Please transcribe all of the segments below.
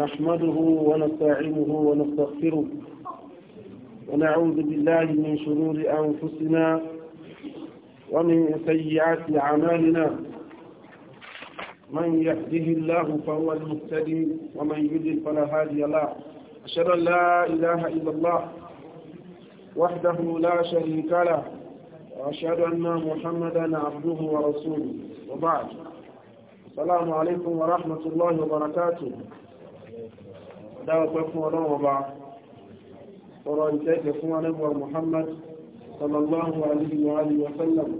نحمده ونستعينه ونستغفره ونعوذ بالله من شرور أنفسنا ومن سيئات أعمالنا من يهده الله فهو المهتدي ومن يضلل فلا هادي له أشهد أن لا إله إلا الله وحده لا شريك له وأشهد أن محمدا عبده ورسوله وبعد السلام عليكم ورحمة الله وبركاته dáwọ́pẹ́ fún ọlọ́wọ́ bá ọ̀rọ̀ ìtẹ́ẹ̀kẹ́ fún alẹ́bọ̀ Muhammad sallallahu alaihi wa sallam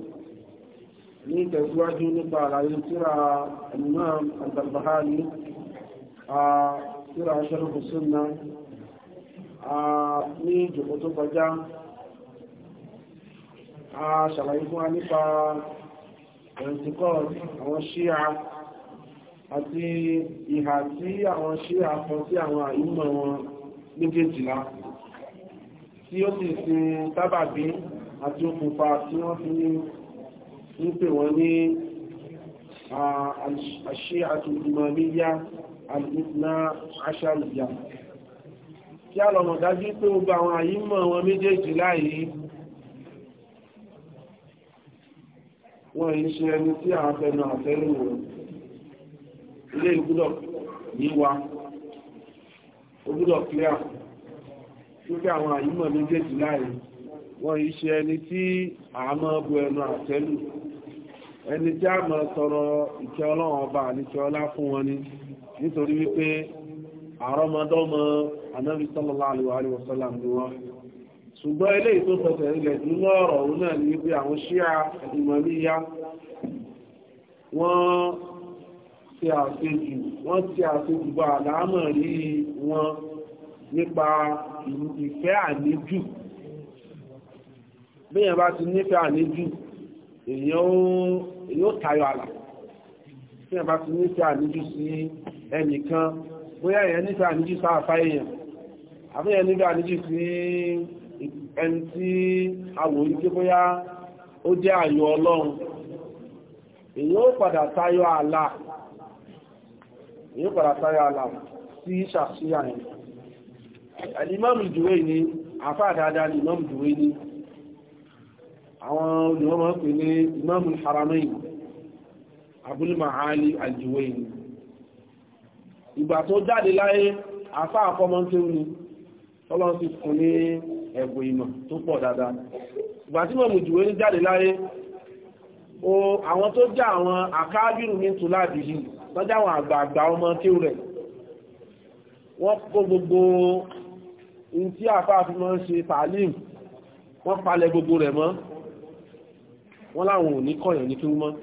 ní ìtẹ̀síwájú nípa àlàyé tíra imam al-Barbahari a tíra sharh sunnah a ní ìjòkó tó kọjá a ṣàlàyé fún wa nípa ẹ̀ǹtìkọ́ àwọn ṣíà àti ìhà tí àwọn ṣe àkọ sí àwọn àìmọ̀ wọn méjèèjìlá tí ó sì ṣe sábàbí àti okùnfà tí wọ́n fi ń pè wọ́n ní àṣẹ àtùtùmọ̀míyá àdúgbà aṣàlùyà kí a lọ́mọ̀ dájú pé ó gba àwọn àyímọ̀ wọn méjèèjìlá yìí wọ́n yìí ṣe ẹni tí àwọn afẹ́nu àfẹ́lú wọn ilé ìgbúdọ̀ yíwa ogúdọ̀ clear lókè àwọn àyímọ̀ méjèèjì láàrin wọ́n iṣẹ́ ẹni tí àmọ́ bu ẹnu àtẹ́lù ẹni tí a mọ̀ sọ̀rọ̀ ìkẹ́ ọlọ́run ọba àníkẹ́ ọlá fún wọn ni nítorí wípé àrọ́mọdọ́mọ anábì sallallahu alaihi wasallam ni wọ́n ṣùgbọ́n ilé ìtò sọ̀tẹ̀ ilẹ̀ nínú ọ̀rọ̀ òun náà ni wípé àwọn ṣíà ìmọ̀ níyá wọ́n ṣe àṣejù wọ́n ṣe àṣejù bá àlámọ̀ rí wọn nípa ìfẹ́ àníjù bíyàn bá ti nífẹ̀ẹ́ àníjù èyàn ó tayọ àlà bíyàn bá ti nífẹ̀ẹ́ àníjù sí ẹnìkan bóyá èyàn nífẹ̀ẹ́ àníjù sáàfá èyàn àbíyàn nífẹ̀ẹ́ àníjù sí ẹni tí àwòrí tí bóyá ó jẹ́ àyọ ọlọ́run èyàn ó padà tayọ àlà èyí padà sáré àlà sí ṣàṣíyà rẹ̀ alimami ìdúwé ni afá dáadáa ni imam ìdúwé ni àwọn olùwọ́n máa ń pè ní imam haramain abul ma'ali aljuwé ni ìgbà tó jáde láyé afá àfọmọ́ntẹ́ ni ìmọ̀ tó pọ̀ dáadáa ìgbà tí mọ̀mù ìdúwé ní jáde láyé àwọn tó jẹ́ àwọn àkáábìrù ní tù láti yìí tọ́jà àwọn àgbààgbà ọmọ tí ó rẹ̀ wọ́n kó gbogbo in tí àfáàfin mọ́ ń ṣe tààlim wọ́n palẹ̀ gbogbo rẹ̀ mọ́ wọ́n láwọn ò kọ̀yàn ní kí wọ́n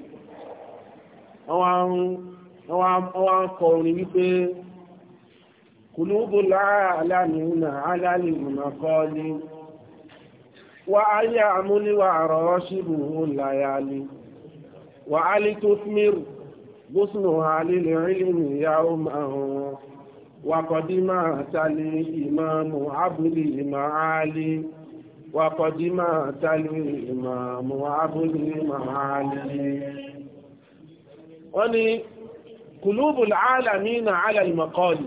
wá ń kọ orin wípé kùlúbù láàlánìúnà alálìmùnàkọ́ọ́lì wà áyà amúníwà àrọ̀ ṣíbù ó láyálì وعلي تثمر غصنها للعلم يوما وقد مات الإمام عبد المعالي وقد مات الإمام عبد المعالي وني قلوب العالمين على المقال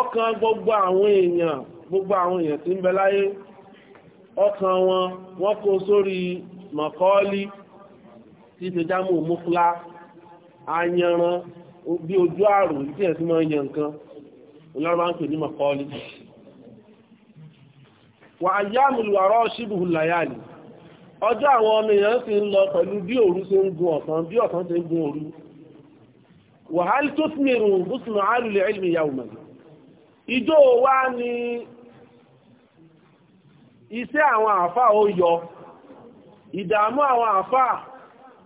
ọkàn gbogbo àwọn èèyàn gbogbo àwọn èèyàn tí ń bẹ láyé ọkàn wọn wọ́n kó sórí mọ̀kọ́ọ́lì tí ṣe jámù mufla ayanran bí ojú àrùn tí ẹ̀ sí máa ń nǹkan olóòrùn máa ń pè ní mọ̀kọ́lì wà ayyámul wàrọ́ ṣíbùhù làyàlì ọjọ́ àwọn ọmọ èèyàn sì ń lọ pẹ̀lú bí òru ṣe ń gun ọ̀sán bí ọ̀sán ṣe ń gun òru wàhálì tó sì mìíràn bùsùnà àlùlẹ̀ ẹ̀lìmì ìyàwó ìjọ wa ni iṣẹ́ àwọn àfà ó yọ ìdààmú àwọn àfà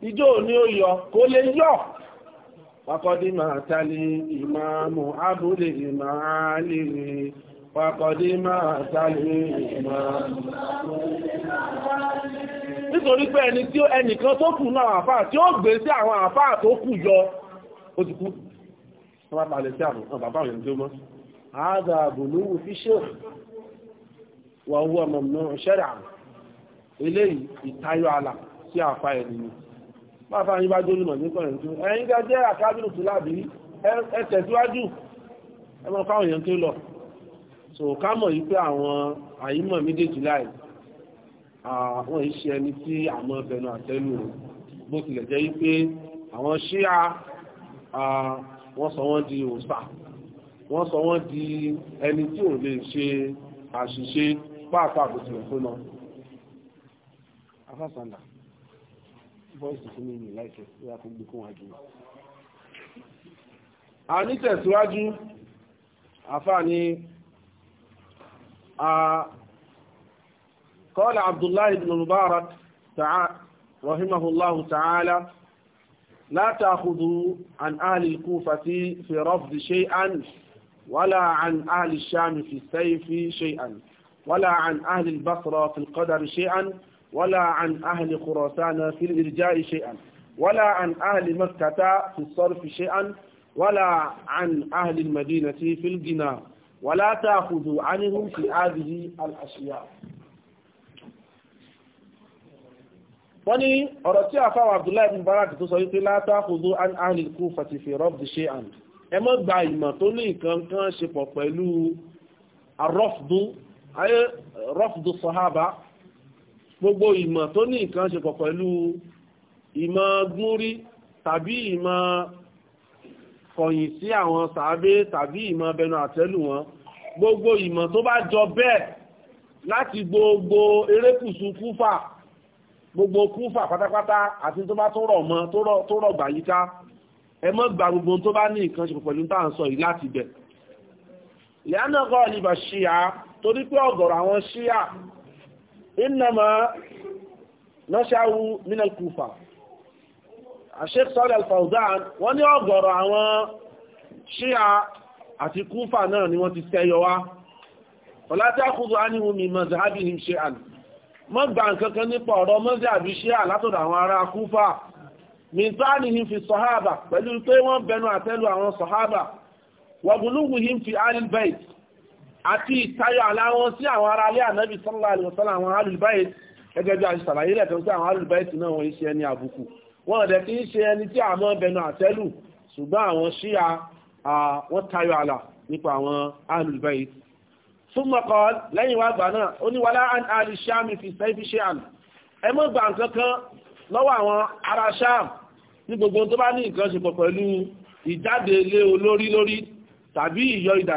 ìjọ ni ó yọ kó lè yọ wakọ́dí máa tali ìmáàmù abúlé ìmáàlì wakọ́dí máa tali ìmáàmù nítorí pé ẹni tí ẹnìkan tó kù náà àfáà tí ó gbé sí àwọn àfáà tó kù yọ ó ti kú wọ́n bá palẹ̀ sí àwọn bàbá òyìn tó mọ́ àádọ́ àbùlúwù fi ṣe wọ́n wọ́n mọ̀ mọ́ ṣẹ́rẹ̀ àwọn eléyìí ìtayọ àlà sí àfáà ẹni ni máa fa àyíbá jó lùmọ̀ nípa ẹ̀yìn tó ẹ̀yìn ga jẹ́ àkábìnù tó lábí ẹsẹ̀ síwájú ẹ mọ fáwọn èèyàn tó lọ so ká mọ̀ yí pé àwọn àyímọ̀ méjèèjì láì àwọn ìṣe ẹni tí àmọ́ bẹnu àtẹ́lù bó tilẹ̀ jẹ́ wípé àwọn ṣíà wọ́n sọ wọ́n di òòṣà wọ́n sọ wọ́n di ẹni tí ò lè ṣe àṣìṣe pàápàá bó tilẹ̀ fún náà afásàndà voice fún mi ní láìsẹ̀ tí a fún gbogbo wájú a ní tẹ̀síwájú afá a قال عبد الله بن مبارك تعالى رحمه الله تعالى لا تأخذوا عن أهل الكوفة في رفض شيئا ولا عن أهل الشام في السيف شيئا ولا عن أهل البصرة في القدر شيئا ولا عن أهل خراسان في الإرجاء شيئا ولا عن أهل مكة في الصرف شيئا ولا عن أهل المدينة في الغنى ولا تأخذوا عنهم في هذه الأشياء wọ́n ní ọ̀rọ̀ tí àfáwà Abdullahi bin Barak tó sọ wípé látàkùzú an ahli kúfàtí fi rọ́bdì ṣe àn ẹ má gba ìmọ̀ tó ní nǹkan kan ṣe pọ̀ pẹ̀lú rọ́fdù sahaba gbogbo ìmọ̀ tó ní nǹkan ṣe pọ̀ pẹ̀lú ìmọ̀ gúnrí tàbí ìmọ̀ kọ̀yìn sí àwọn sàábé tàbí ìmọ̀ bẹnu àtẹ́lù wọn gbogbo ìmọ̀ tó bá jọ bẹ́ẹ̀ láti gbogbo erékùsù kúfà gbogbo kúfà pátápátá àti tó bá tó rọ̀ mọ́ tó rọ̀ gbàyíká ẹ mọ́ gba gbogbo tó bá ní nǹkan ṣe pọ̀ pẹ̀lú tá à ń sọ yìí láti bẹ̀ ìyá náà kọ́ ọ̀lì bàṣíà torí pé ọ̀gọ̀rọ̀ àwọn ṣíà إنما نشأوا من الكوفة الشيخ صالح الفوزان wọ́n ní ọ̀gọ̀rọ̀ àwọn ṣíà àti kúfà náà ni wọ́n ti tẹ́yọ wá ọ̀lá tí a kúrò ánìhù mi mazhabi him ṣíàn mọ́ gbà nǹkankan nípa ọ̀rọ̀ mazhabi ṣíà látọ̀dọ̀ àwọn ará kúfà mìtáàni him fi sọ̀hábà pẹ̀lú pé wọ́n bẹnu àtẹ́lu àwọn sọ̀hábà wàgùnúhù him fi alibait àti ìtayọ aláwọn sí àwọn ará alẹ́ ànábì sallallahu alaihi wasallam àwọn alùbáyé gẹ́gẹ́ bí a ṣe ṣàlàyé lẹ́tọ̀ sí àwọn alùbáyé tí náà wọ́n ṣe ẹni àbùkù wọ́n ọ̀dẹ̀ kì í ṣe ẹni tí àmọ́ bẹnu àtẹ́lù ṣùgbọ́n àwọn ṣíà wọ́n tayọ àlà nípa àwọn alùbáyé thumma qala lẹ́yìn wá gbà náà ó ní wala an ali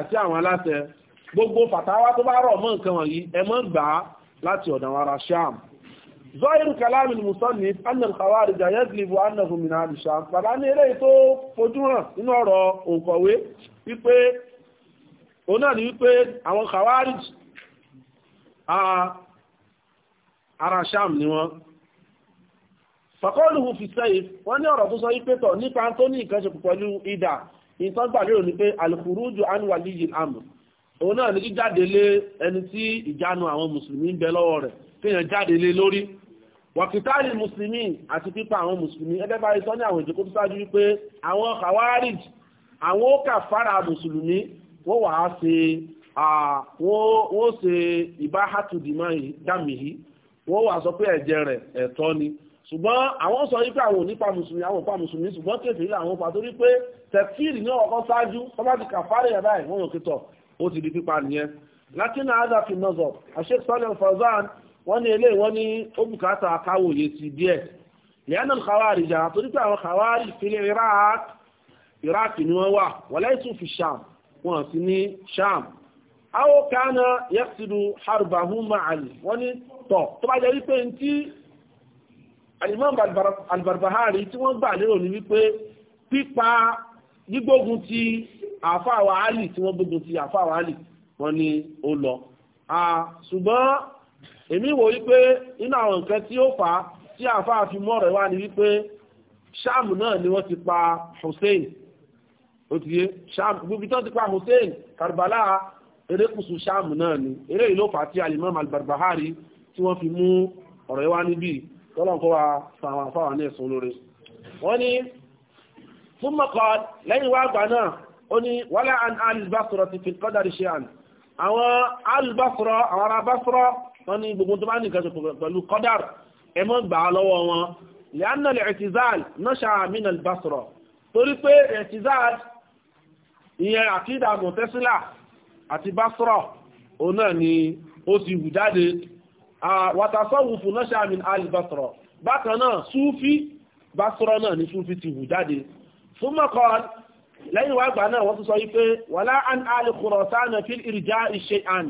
shami gbogbo fàtàwà tó bá rọ̀ mọ́ nǹkan wọ̀nyí ẹ má gbà á láti ọ̀dọ̀ ara sham zọ́ìrù kalamin musanni annal khawarij yadlibu annahu min ahli sham bàbá ní eré tó fojú hàn nínú ọ̀rọ̀ òǹkọ̀wé wípé òun ni wípé àwọn khawarij ara sham ni wọ́n fàkọ́lùhù fi sẹ́yìn wọ́n ní ọ̀rọ̀ tó sọ wípé tọ̀ nípa tó ní ìkànṣe pẹ̀lú ìdà ìtọ́gbà lérò ní pé alùkùrújù anúwàlíyìn àmì òun náà ní jíjáde lé ẹni tí ìjánu àwọn mùsùlùmí ń bẹ lọ́wọ́ rẹ̀ kéèyàn jáde lé lórí wàkìtàlì mùsùlùmí àti pípa àwọn mùsùlùmí ẹgbẹ́ bá sọ ní àwọn ìjókòó tó ṣáájú wípé àwọn kàwárìj àwọn ó kà fara mùsùlùmí wọ́n wàá ṣe wọ́n ṣe ìbáhàtùdìmọ̀ dàmìhí wọ́n wàá sọ pé ẹ̀jẹ̀ rẹ̀ ẹ̀tọ́ ni ṣùgbọ́n àwọn sọ wípé àwọn onípa mùsùlùmí àwọn òpa mùsùlùmí ṣùgbọ́n kéfì ilé àwọn òpa torí pé tẹ̀fíìrì ní ọ̀kọ́ ṣáájú tọ́bátì kàfárẹ̀ yàrá ẹ̀ wọ́n yàn kìtọ̀ ó ti di pípa nìyẹn latin ada fi nọ́zọ̀ àṣẹ sọ́lẹ̀ fọ́zán wọ́n ní ilé wọ́n ní ó bùkátà káwòye sí díẹ̀ lẹ́yìn náà khawarija torí pé àwọn khawarij fi ní iraq iraq ni wọ́n wà walaysu fi sham wọ́n sì ní sham awo kana yaqsidu harbahum ma'an wọ́n ní tọ̀ tó bá jẹ́ wípé ní tí alimam albarbahari tí wọ́n gbà lérò ní wípé pípa gbígbógun ti àfáà wa Àlì tí wọ́n gbógun ti àfáà wa Àlì wọ́n ní ó lọ ṣùgbọ́n èmi wò wípé nínú àwọn nǹkan tí ó fà á tí àfáà fi mú wá ni wípé Ṣáàmù náà ni wọ́n ti pa Hussein ó ti yé Ṣáàmù gbogbo tó ti pa Hussein Karbala erékùsù Ṣáàmù náà ni eré ìlú fà á tí Al-Imam Al-Barbahari tí wọ́n fi mú ọ̀rọ̀ wá níbí tọ́lọ́nkọ́ wa fàwọn àfáà ní ẹ̀sùn lóore wọ́n ní fún mọ́kàn lẹ́yìn wá àgbà náà ó ní wala an al-Basra ti fi qadari shay'an àwọn al-Basra àwọn ará Basra wọ́n ní gbogbo tó bá ní ìkàṣọ pẹ̀lú qadar ẹ mọ́ gbà á lọ́wọ́ wọn li'anna al-i'tizal nasha'a min al-Basra torí pé i'tizal ìyẹn àkídà mọ̀tẹ́sílà àti Basra òun náà ni ó ti hù jáde wàtàsọ́wùfù nasha'a min al-Basra bákan náà súfí Basra náà ni súfí ti hù jáde fún mọ́kàn lẹ́yìn wá gbà náà wọ́n tún sọ wípé wàlá an alì kùrọ̀sánà fi ìrìjá ìṣe àn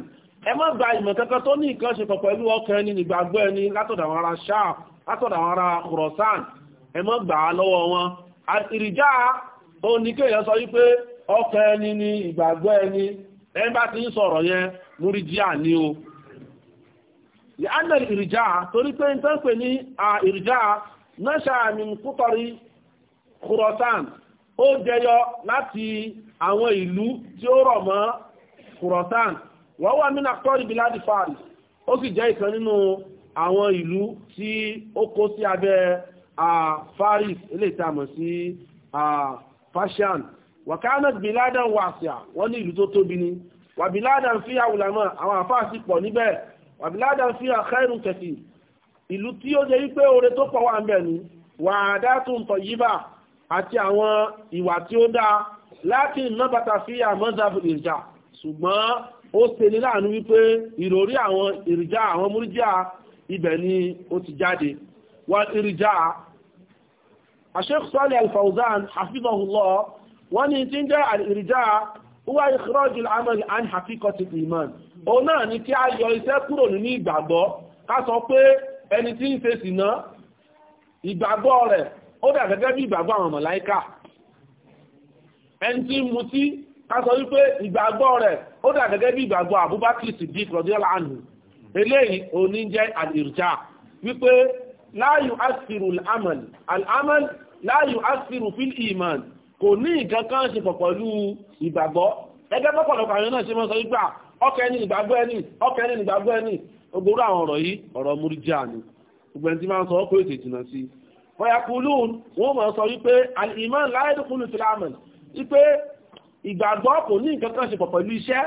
ẹ má gba ìmọ̀ kankan tó ní nǹkan ṣe pọ̀ pẹ̀lú ọkàn ẹni nígbàgbọ́ ẹni látọ̀dọ̀ àwọn ará ṣáà látọ̀dọ̀ àwọn ará kùrọ̀sán ẹ má gbà á lọ́wọ́ wọn ìrìjá ó ní kéèyàn sọ ní ìgbàgbọ́ ìrìjá torí pé ń kútọrí kùrọ̀sán ó jẹyọ láti àwọn ìlú tí ó rọ̀ mọ́ kùrọ̀tán wọ́n wà mínà tọ́rì bíládì Fáris ó sì jẹ́ ìkan nínú àwọn ìlú tí ó kó sí abẹ́ Fáris eléyìí tá a sí fashion wàkánà bíládàn wàṣíà wọ́n ní ìlú tó tóbi ni wà bíládàn fi àwùlámọ̀ àwọn àfáàsì pọ̀ níbẹ̀ wà bíládàn fi àkẹ́rù kẹsì ìlú tí ó jẹ́ wípé oore tó pọ̀ wà ń bẹ̀ ni wà á dá tó ń tọ̀ yí bá àti àwọn ìwà tí ó dáa láti ìnábàtà sí àmọ́zàbù ìrìjà ṣùgbọ́n ó ṣe ní láàánú wípé ìròrí àwọn ìrìjà àwọn múrídíà ibẹ̀ ni ó ti jáde wọ́n ìrìjà Sheikh Salih Al-Fawzan hafizahullah wọ́n ní tí ń jẹ́ ìrìjà huwa ikhraj al-amal an iman òun náà ni kí a yọ iṣẹ́ kúrò nínú ìgbàgbọ́ ká sọ pé ẹni tí ń ṣe sìná ìgbàgbọ́ rẹ̀ ó dà gẹ́gẹ́ bí ìgbàgbọ́ àwọn mọ̀láíkà ẹni tí mu tí ká sọ wípé ìgbàgbọ́ rẹ̀ ó dà gẹ́gẹ́ bí ìgbàgbọ́ Abubakar Siddiq rọdíọ́lá àánú eléyìí òní jẹ́ àdìrìjà wípé láàyù asiru al-amal láàyù asiru fil iman kò ní nǹkan kan ṣe pọ̀ pẹ̀lú ìgbàgbọ́ ẹgbẹ́ pọ̀pọ̀lọpọ̀ àwọn náà ṣe mọ́ sọ wípé ah, ọkẹ́ ní ìgbàgbọ́ ẹni ọkẹ́ ní ìgbàgbọ́ ẹni gbogbo àwọn ọ̀rọ̀ fọyàkùlùn wọ́n mọ̀ sọ wípé alìmọ́n láyédùkúlù fìlàmù wípé ìgbàgbọ́ kò ní nǹkan kan ṣe pọ̀ pẹ̀lú iṣẹ́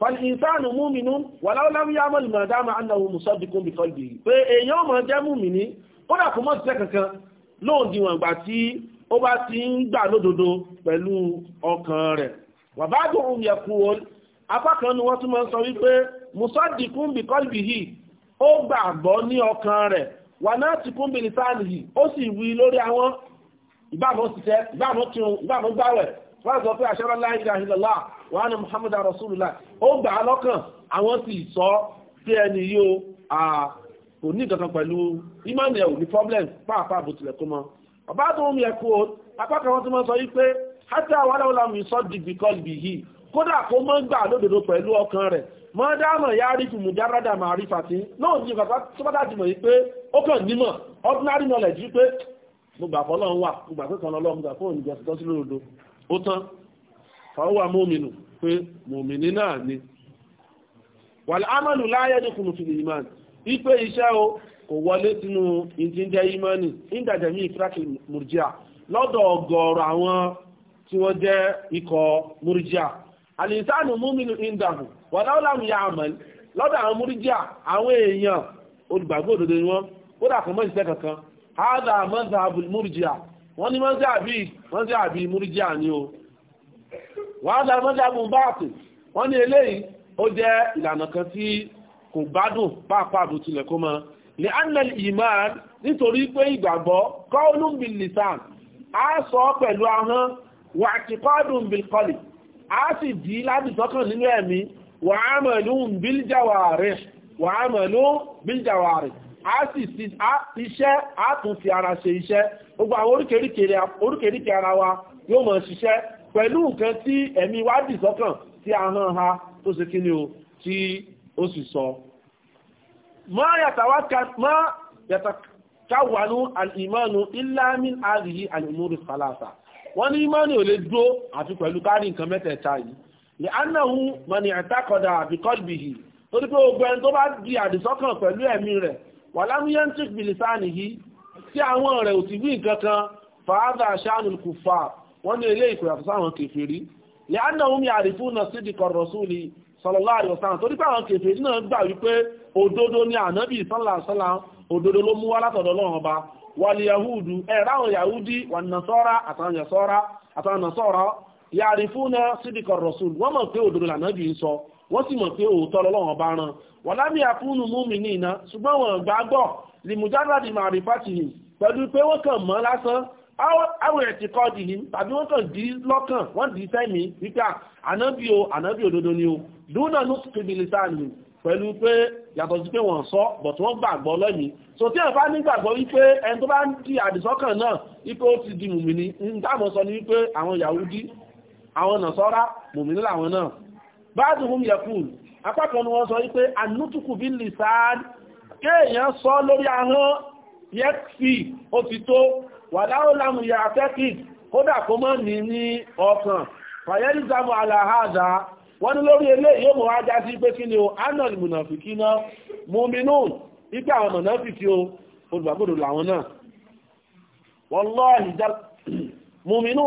fọlìsánù múmìnú wàláwọ́láwíyámọ́lì mọ̀dámà annáwó musọ́dìkún bí kọ́lì pé èèyàn mọ̀ jẹ́ múmìnú ó dà kó mọ́ ṣiṣẹ́ kankan lóòdìwọ̀n ìgbà tí ó bá ti ń gbà lódodo pẹ̀lú ọkàn rẹ̀ wàbá dùn yẹ̀kùn apá ni ọkàn rẹ̀ wà náà ti kún bìnrin sáàlì yìí ó sì wí lórí àwọn ìbámu ṣiṣẹ́ ìbámu kírun ìbámu gbáwẹ̀ wọ́n sọ pé aṣọ́rọ̀ la ilaha illallah wa anna muhammadan rasulullah ó gbà á lọ́kàn àwọn sì sọ pé ẹni yóò kò ní ìkankan pẹ̀lú ìmọ̀nì ẹ̀ ò ní problem pàápàá bó tilẹ̀ kó mọ́ ọba tó ń yẹ kó o apá kan wọn tó máa sọ yí pé hátà wàhálà wàhálà mi sọ dìgbì kọlbì yìí kódà kó mọ́ gbà lódodo pẹ̀lú ọkàn rẹ̀ mọ́dámọ̀ yá rí fún mùjárádà máa rí fàtí náà ní ìgbà tó bá dájú mọ̀ yí pé ó kàn nímọ̀ ordinary knowledge wípé mo gbà fọ́ wà mo gbà pé kan lọ́run gbà fún òǹjẹ́ sí lóòdó ó tán fàáwà náà ni wà láyé ní fìlì ipe iṣẹ́ o kò wọlé sínú ìdàjẹ̀mí ìfúrákì lọ́dọ̀ àwọn tí wọ́n jẹ́ ikọ̀ wàláwùlámù ya àmọ́ lọ́dọ̀ àwọn múrídíà àwọn èèyàn olùgbàgbọ́ òdodo ni wọ́n ó dà fún mọ́síṣẹ́ kankan hádà mọ́sàbù múrídíà wọ́n ní mọ́sàbù múrídíà ni o wàhálà mọ́sàbù báàtì wọ́n ní eléyìí ó jẹ́ ìlànà kan tí kò gbádùn pàápàá bó tilẹ̀ kó mọ́ lè annal iman nítorí pé ìgbàgbọ́ qaulun bil lisan sọ pẹ̀lú ahọ́n wà àtìkọ́dùn bil sì dì í láti nínú ẹ̀mí wàámàlú bíljàwàrí wàámàlú bíljàwàrí a sì sí iṣẹ́ a tún fi ara ṣe iṣẹ́ gbogbo àwọn oríkèríkè ara wa yóò mọ̀ ṣiṣẹ́ pẹ̀lú nǹkan tí ẹ̀mí wa dì sọ́kàn tí a hàn ha tó ṣe kí ni o tí ó sì sọ ma yàtàkáwànú alìmọ́nu àríyí alìmúrù falasa wọ́n ní ìmọ́ni ò lè dúró àti pẹ̀lú kárí nǹkan mẹ́tẹ̀ẹ̀ta yìí lè anáhu mọ̀nì àtàkọ̀dà àbíkọ́lbìhì torí pé ogun ẹni tó bá di àdìsọ́kàn pẹ̀lú ẹ̀mí rẹ̀ wà lámúyẹ́ntìk bìlìsáàni yìí tí àwọn re ò ti wí nǹkan kan fàáza ṣáànù kù fà wọ́n ní ilé ìpè àtúnṣe àwọn kèfèrí lè anáhu mi àrífún náà sí dìkọ̀ rọ̀súlì sallallahu alaihi wasallam torí pé àwọn kèfèrí náà gbà wípé òdodo ni ànábì sọ́làṣọ́là òdodo ló mú wá látọ̀dọ̀ Ọlọ́run ọba wàlì yahudu ẹ̀ráwọn yahudi wà nàṣọ́ra àtàwọn nàṣọ́ra yàrífúnà sídìkọ̀ rọ̀sùn wọ́n mọ̀ pé òdodo lànàbí ń sọ wọ́n sì mọ̀ pé òótọ́ lọ́lọ́wọ́n bá rán wọ́n lábí àfúnnu múmi ní iná ṣùgbọ́n wọ́n gbàgbọ́ lìmùjádàdì màrífàtì yìí pẹ̀lú pé wọ́n kàn mọ́ lásán àwọn ẹ̀tì kọ́ dì yìí tàbí wọ́n kàn dí lọ́kàn wọ́n dì í sẹ́mi wípé ànábì o ànábì òdodo ni o dúnà ló ti pèbìlì sáàlì pẹ̀lú pé yàtọ̀ sí pé wọ́n sọ bọ̀tí wọ́n gbàgbọ́ lọ́yìn so tí ẹ̀fà nígbàgbọ́ wípé ẹni tó bá ń di àdìsọ́kàn náà wípé ó ti di mùmìnì ń dámọ̀ sọ ní wípé àwọn Yahudi àwọn nàṣọ́rá mùmínú làwọn náà báàdùhùn yẹ̀kùn apákan ni wọ́n sọ wípé ànútùkù bí lìsáàd kéèyàn sọ lórí ahọ́n yẹ́kfì ó ti tó wàdáwò lámù yà àtẹ́kì kódà kó mọ́ ní ní ọkàn fàyẹ́lì zamu aláhàdá wọ́n ní lórí eléyìí yóò mọ̀ wá já sí pé kí ni o anna ni mùnàfìkì náà mùmínú ipe àwọn mùnàfìkì o olùgbàgbọ́dọ̀ làwọn náà wọ́lọ́ọ̀ mùmínú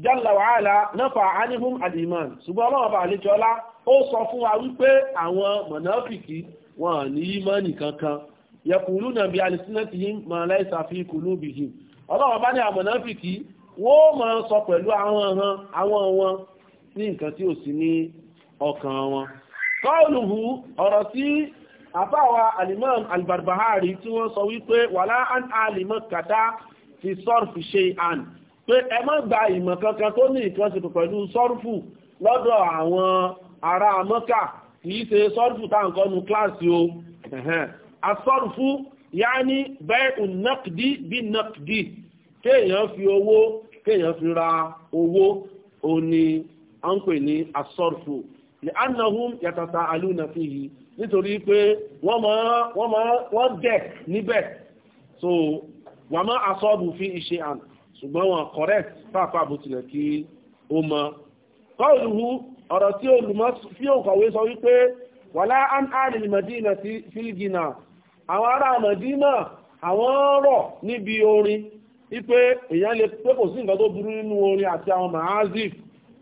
jalla wa ala nafa anihum al-iman ṣùgbọ́n ọlọ́wọ́ bá àlejò ọlá ó sọ fún wa wípé àwọn mọ̀nàfìkì wọn ní ìmánì kankan yẹkùlù náà bí alìsínẹ́tìhìn ma laysa fi qulubihim ọlọ́wọ́ bá ní àmọ̀nàfìkì wọ́n máa sọ pẹ̀lú àwọn àwọn wọn ní nǹkan tí ò sí ní ọkàn wọn qawluhu ọ̀rọ̀ sí àfáwà alimam albarbahari tí wọ́n sọ wípé wàlá an alimọ̀ kàtá fi sọ́rfì ṣe pé ẹ má gba ìmọ̀ kankan tó ní ìkànṣepọ̀ pẹ̀lú sọ́rùfù lọ́dọ̀ àwọn ará mọ́kà kìí ṣe sọ́rùfù táǹkọ́nu kíláàsì o asọ́rùfù yá ní bẹ́ẹ̀ nàkìdí bí nàkìdí kéèyàn fi owó kéèyàn fi ra owó òní à ń pè ní asọ́rùfù ní anahum yàtàtà alúna fi yìí nítorí pé wọ́n máa wọ́n máa wọ́n dẹ̀ níbẹ̀ so wàmọ́ asọ́bù fi ìṣe àná ṣùgbọ́n wọn correct pàápàá bó tilẹ̀ kí ó mọ. kọ́ọ̀lùhù ọ̀rọ̀ tí olùmọ̀ fi òǹkọ̀wé sọ wípé wàlá an àrìn mẹ́dínà sí fílgìnà àwọn ará mẹ́dínà àwọn rọ̀ níbi orin wípé èèyàn lè pé kò sí nǹkan tó burú nínú orin àti àwọn mahazif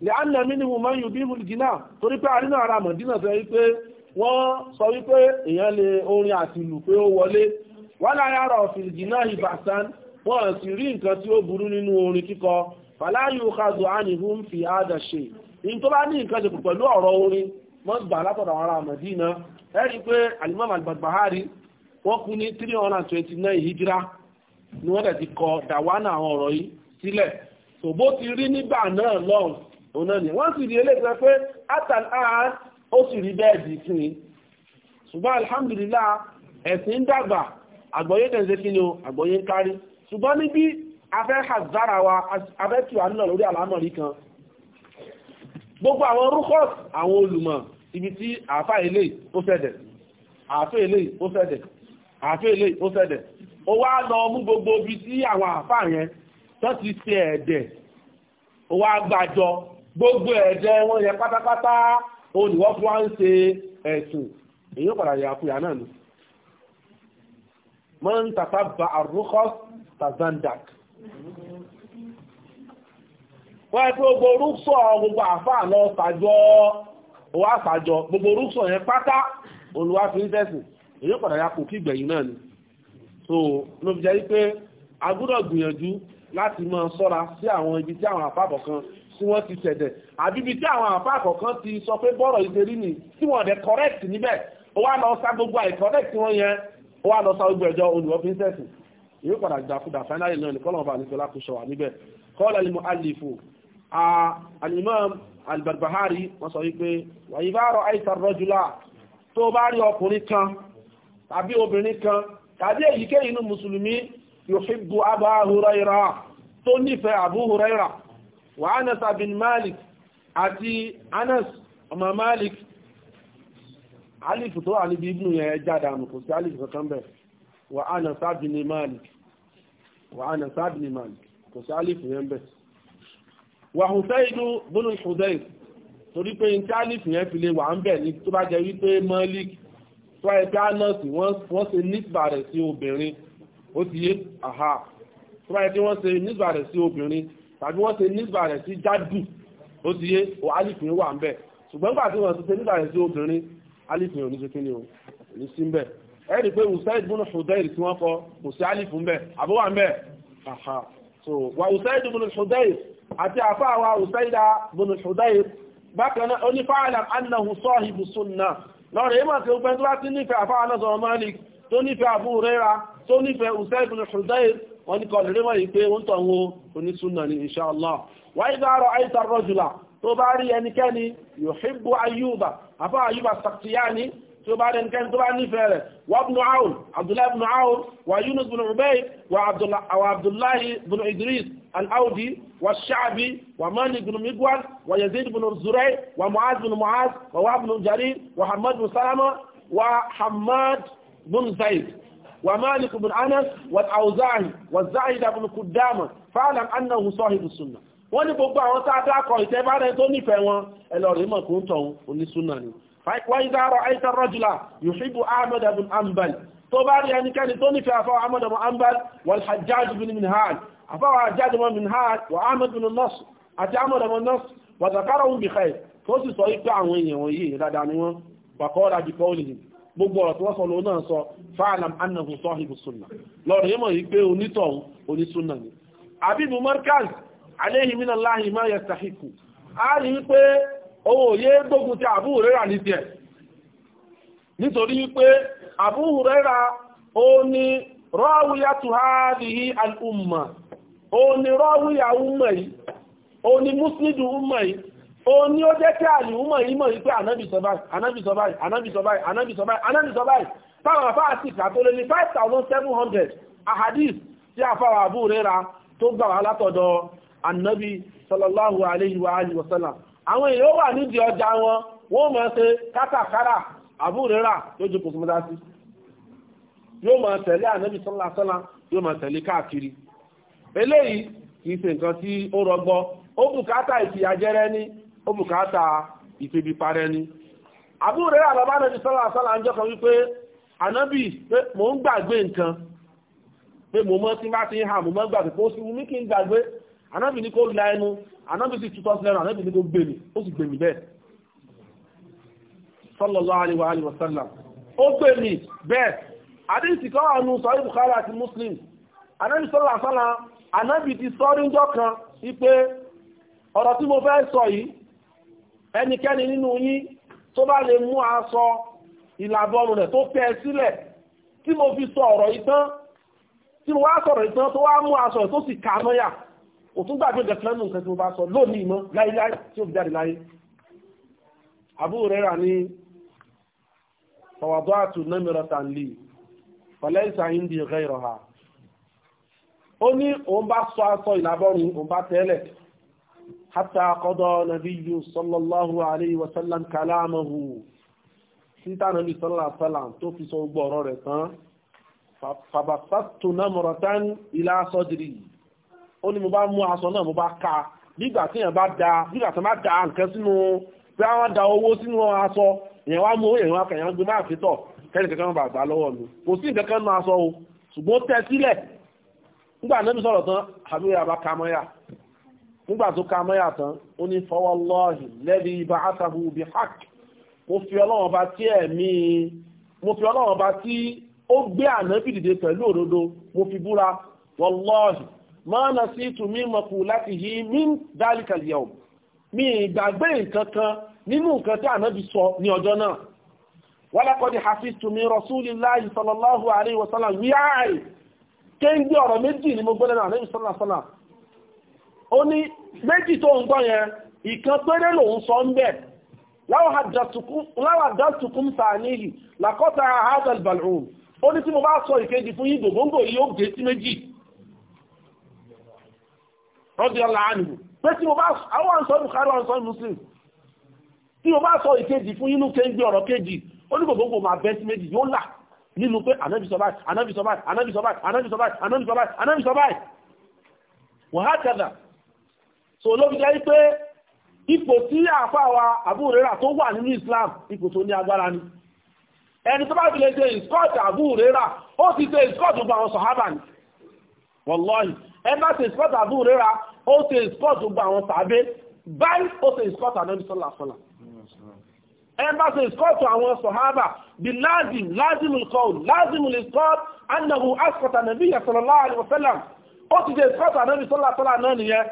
lè ánà mínú mọ́ yóò bí fílgìnà torí pé àrínà ará mẹ́dínà sọ wípé wọ́n sọ wípé èèyàn lè orin àti ìlù pé ó wọlé wàlá yàrá fílgìnà ìbàsán wọ́n sì rí nǹkan tí ó burú nínú orin kíkọ fàláyù kàzù ánìhù ń fi àádà ṣe in tó bá ní nǹkan ṣe pẹ̀lú ọ̀rọ̀ orin wọ́n gbà látọ̀dọ̀ àwọn ará Mẹ̀dínà ẹ rí pé alimam al-Barbahari wọ́n kú ní 329 hijira ni wọ́n dẹ̀ ti kọ dàwánà àwọn ọ̀rọ̀ yìí sílẹ̀ tó bó ti rí nígbà náà lọ́hùn òun náà ni wọ́n sì rí eléyìí pé atan aa ó sì rí bẹ́ẹ̀ dì sí i ṣùgbọ́n alhamdulillah ẹ̀sìn dàgbà àgbọ́yé tẹ̀sẹ̀ kí ni o àgbọ́yé kárí ṣùgbọ́n níbi afẹ́ hazara wa afẹ́ tí wà nílọ̀ lórí àlámọ̀rí kan gbogbo àwọn rúkọ́s àwọn olùmọ̀ ibi tí àfá ilé ó fẹ́dẹ̀ àfẹ́ ilé ó fẹ́dẹ̀ àfẹ́ ilé ó fẹ́dẹ̀ ó wá lọ mú gbogbo ibi tí àwọn àfá yẹn tó ti ṣe ẹ̀dẹ̀ ó wá gbàjọ gbogbo ẹ̀dẹ̀ wọn yẹn pátápátá olùwọ́ fún wa ń ṣe ẹ̀sùn èyí ó padà yà fúyà náà ni mọ́ ń tàfà bá àrúkọ́sì tazandak wọ́n ẹ̀kọ́ gbogbo orúkọ gbogbo àfáà lọ sàjọ́ wà sàjọ́ gbogbo orúkọ yẹn pátá olùwà fi ń tẹ̀sìn èyí padà ya kò kí gbẹ̀yìn náà ni so ló fi jẹ́ pé a gbọ́dọ̀ gbìyànjú láti máa sọ́ra sí àwọn ibi tí àwọn àpapọ̀ kan tí wọ́n ti tẹ̀dẹ̀ àbí ibi tí àwọn àpapọ̀ kan ti sọ pé bọ́rọ̀ ìṣerí ni tí wọ́n dẹ̀ correct níbẹ̀ ó wá lọ sa gbogbo àìcorrect wọn yẹn ó wá lọ sa gbogbo ẹ̀jọ́ olùwọ́ fi ń tẹ̀sìn yóò padà dàkúdà fáínàlì náà ní kọ́lọ̀mọ̀bà àníkọ́lá kò ṣọ̀wà níbẹ̀ kọ́lá lè mú alifu alimam albarbahari wọ́n sọ wípé wàyí bá rọ àìsàn rọ́júlá tó bá rí ọkùnrin kan tàbí obìnrin kan tàbí èyíkéyìí inú mùsùlùmí yuhibbu Abu Huraira tó nífẹ̀ẹ́ Abu Huraira wà Anas bin Malik àti Anas ọmọ Malik alifu Malik وعن سعد بن مالك وسالف ينبس وحسين بن الحذير torí pé n tálífì yẹn fi lè wà ń bẹ̀ ní tó bá jẹ́ wípé malik tó ẹ pé anọ́ọ̀sì wọ́n ṣe nígbà rẹ̀ sí obìnrin ó ti yé àhà tó bá yẹ pé wọ́n ṣe nígbà rẹ̀ sí obìnrin tàbí wọ́n ṣe nígbà rẹ̀ sí jádù ó ti yé ò alífì wà ń bẹ̀ ṣùgbọ́n gbà tí wọ́n ṣe nígbà rẹ̀ sí obìnrin alífì ò ní ṣe kí ni o ní sí ń bẹ̀ ẹ̀rì pé usaid bùnú hudayr tí wọ́n kọ kò sí alifu àbúwà mbẹ́ aha so wa usaid bùnú hudayr àti àfáà wa usaid bùnú hudayr bákan náà onífààlà annahu sahibu sunna lọ́rọ̀ ìmọ̀ tí ó pẹ́ tó bá ti nífẹ̀ẹ́ àfáà náà sọ̀rọ̀ malik tó nífẹ̀ẹ́ Abu Huraira tó nífẹ̀ẹ́ usaid bùnú hudayr wọ́n ní kọlù rímọ̀ yìí pé ó ń tàn wo onísúnà ní insha Allah wáyé àìsàn rọ́jùlá tó bá rí ẹnikẹ́ni yuhibbu ayúbà àfáà ayúbà sàktíyà ní tí ó bá rẹ̀ nǹkan tó bá nífẹ̀ẹ́ rẹ̀ wà ibn Aun Abdullahi ibn Aun wà Yunus ibn Ubayd wà Abdullahi ibn Idris al-Audi wà Sha'bi wà Malik ibn Migwan wà Yazid ibn Zuray wà Mu'az ibn Mu'az wà Wahb ibn Jarir wà Hamad ibn Salama wà Hamad ibn Zaid ومالك بن أنس والأوزاعي والزايد بن قدامة فاعلم أنه صاحب السنة wọ́n ní gbogbo àwọn tá a dákọ̀ ìtẹ́bárẹ́ tó nífẹ̀ẹ́ wọn ẹlọ́rìí mọ̀ kó ń tọ̀hún onísúnà ni وإذا رأيت الرجل يحب أحمد بن أنبل طبعا يعني كان توني في أفاو أحمد بن أنبل والحجاج بن منهال أفاو حجاج بن منهال وأحمد بن النصر أتي أحمد بن النصر وذكرهم بخير فوسي صحيح عن وين وين لا دعني وقال بقوله gbogbo ọ̀rọ̀ tí wọ́n sọ lọ náà sọ fa'alam annahu sahibu sunna lọ́rọ̀ yíma yí pé onítọ̀hún onísúnnà ni abibu markaz alayhi minallahi ma yastahiqu a rí wípé owó òye gbógun ti Abu Huraira ní tiẹ̀ nítorí wípé Abu Huraira ó ní rọ́wíyá tuhadihi al'umma ó ní rọ́wíyá ni yìí ó ní muslidu umma yìí ó ní ó jẹ́ kí àlì anabi yìí mọ̀ wípé anábì sọ anábì anábì anábì 5,700 Abu annabi sallallahu alaihi wa àwọn èèyàn wà nídìí ọjà wọn wọ́n mọ̀ ṣe kátàkárà àbúrérà lójú kò súnmọ́dá sí yóò máa tẹ̀lé ànábì sọ́lá sọ́lá yóò máa tẹ̀lé káàkiri eléyìí kì í ṣe nǹkan tí ó rọgbọ ó bùkátà ìfìyàjẹrẹ ní ó bùkátà ìfebi parẹ́ ní àbúrérà bàbá ànábì sọ́lá sọ́lá ń jọ́kan wípé ànábì pé mò ń gbàgbé nǹkan pé mò mọ́ tí bá ti ń hà mò mọ́ gbàgbé kó sí wù mí kí n gbàgbé ànábì ní kó la ẹnu anábì sí 2011 anábì ní tó gbé mi ó sì gbé mi bẹ́ẹ̀ sallallahu alaihi wa sallam ó gbé mi bẹ́ẹ̀ àdínsì kan wà nù sọ́rí Bukhari àti Muslim anábì sallallahu alaihi wa sallam anábì ti sọ́rí ń jọ́kan wípé ọ̀rọ̀ tí mo fẹ́ sọ yìí ẹnikẹ́ni nínú yín tó bá lè mú aṣọ ìlàbọ̀rù rẹ̀ tó fẹ́ sílẹ̀ tí mo fi sọ ọ̀rọ̀ ìtàn tí mo wá sọ̀rọ̀ ìtàn tó wá mú aṣọ tó sì kà mọ́yà òtún gbàgbé ìdẹ̀kánú nǹkan tí mo bá sọ lónìí mọ́ láíláí tí ó fi jáde láyé Abu Huraira ní fawadatu namratan li falaysa indi ghayraha ó ní òun bá sọ aṣọ ìlàbọ̀rùn òun bá tẹ́lẹ̀ hatta qada nabiyyu sallallahu alayhi wa sallam kalamahu síta nàbí sallallahu tó fi sọ gbọ́ ọ̀rọ̀ rẹ̀ tán fàbàfàtù namratan ila sadri yìí ó ní mo bá mú aṣọ náà mo bá ka nígbà tí èèyàn bá da nígbà tí ma bá da nǹkan sínú pé wọ́n da owó sínú aṣọ èèyàn wá mú èèyàn wá kẹ̀yàn gbé máa fi tọ̀ kẹ́lẹ̀ kankan bá gbà lọwọ mi kò sí nǹkan kan aṣọ o tẹ nígbà tán àbí ka nígbà tó ka tán ó ní lẹ́bi ibà àtàbù mo fi bá tí mo fi bá tí ó gbé mo fi búra ma nasitu min maqulatihi min dhalika al-yawm mi ìgbàgbé nǹkan kan nínú nǹkan tí ànábì sọ ní ọjọ́ náà wa laqad hafiztu min rasulillahi sallallahu alayhi wa sallam wíyáì kéńgbé ọ̀rọ̀ méjì ni mo gbọ́dọ̀ náà ànábì sallallahu alayhi wa sallam ó ní méjì tó ń gbọ́ yẹn ìkan péré lòun sọ ń bẹ̀ láwà dátùkún sàníhì làkọ́ta hadha al-bal'un ó ní tí rọ́bì ọ̀la ànìwò pé tí mo bá àwọn àǹsọ́ Bukhari àǹsọ́ Muslim tí mo bá sọ ìkejì fún inú kéjì ọ̀rọ̀ kéjì ó gbogbo máa bẹ́ sí méjì yóò là nínú pé ànábì sọ báyìí ànábì sọ báyìí ànábì so olóbi jẹ́ pé ipò tí àbúrérà tó wà Islam ipò tó ní agbára ni ẹni tó bá fi lè ṣe ìskọ́ọ̀tì àbúrérà ó ti ṣe ìskọ́ọ̀tì ẹgbà ṣe sport àbúrò rẹ́ra ó ṣe sport gbogbo àwọn tàbí báyìí ó ṣe sport ànábì sọ́là sọ́là ẹgbà ṣe sport àwọn sọ̀hábà bí lázìm lázìm kọ́ọ̀l lázìm sport annahu asqat ànábì sallallahu alaihi wasallam ó ti ṣe sport ànábì sọ́là sọ́là náà nìyẹn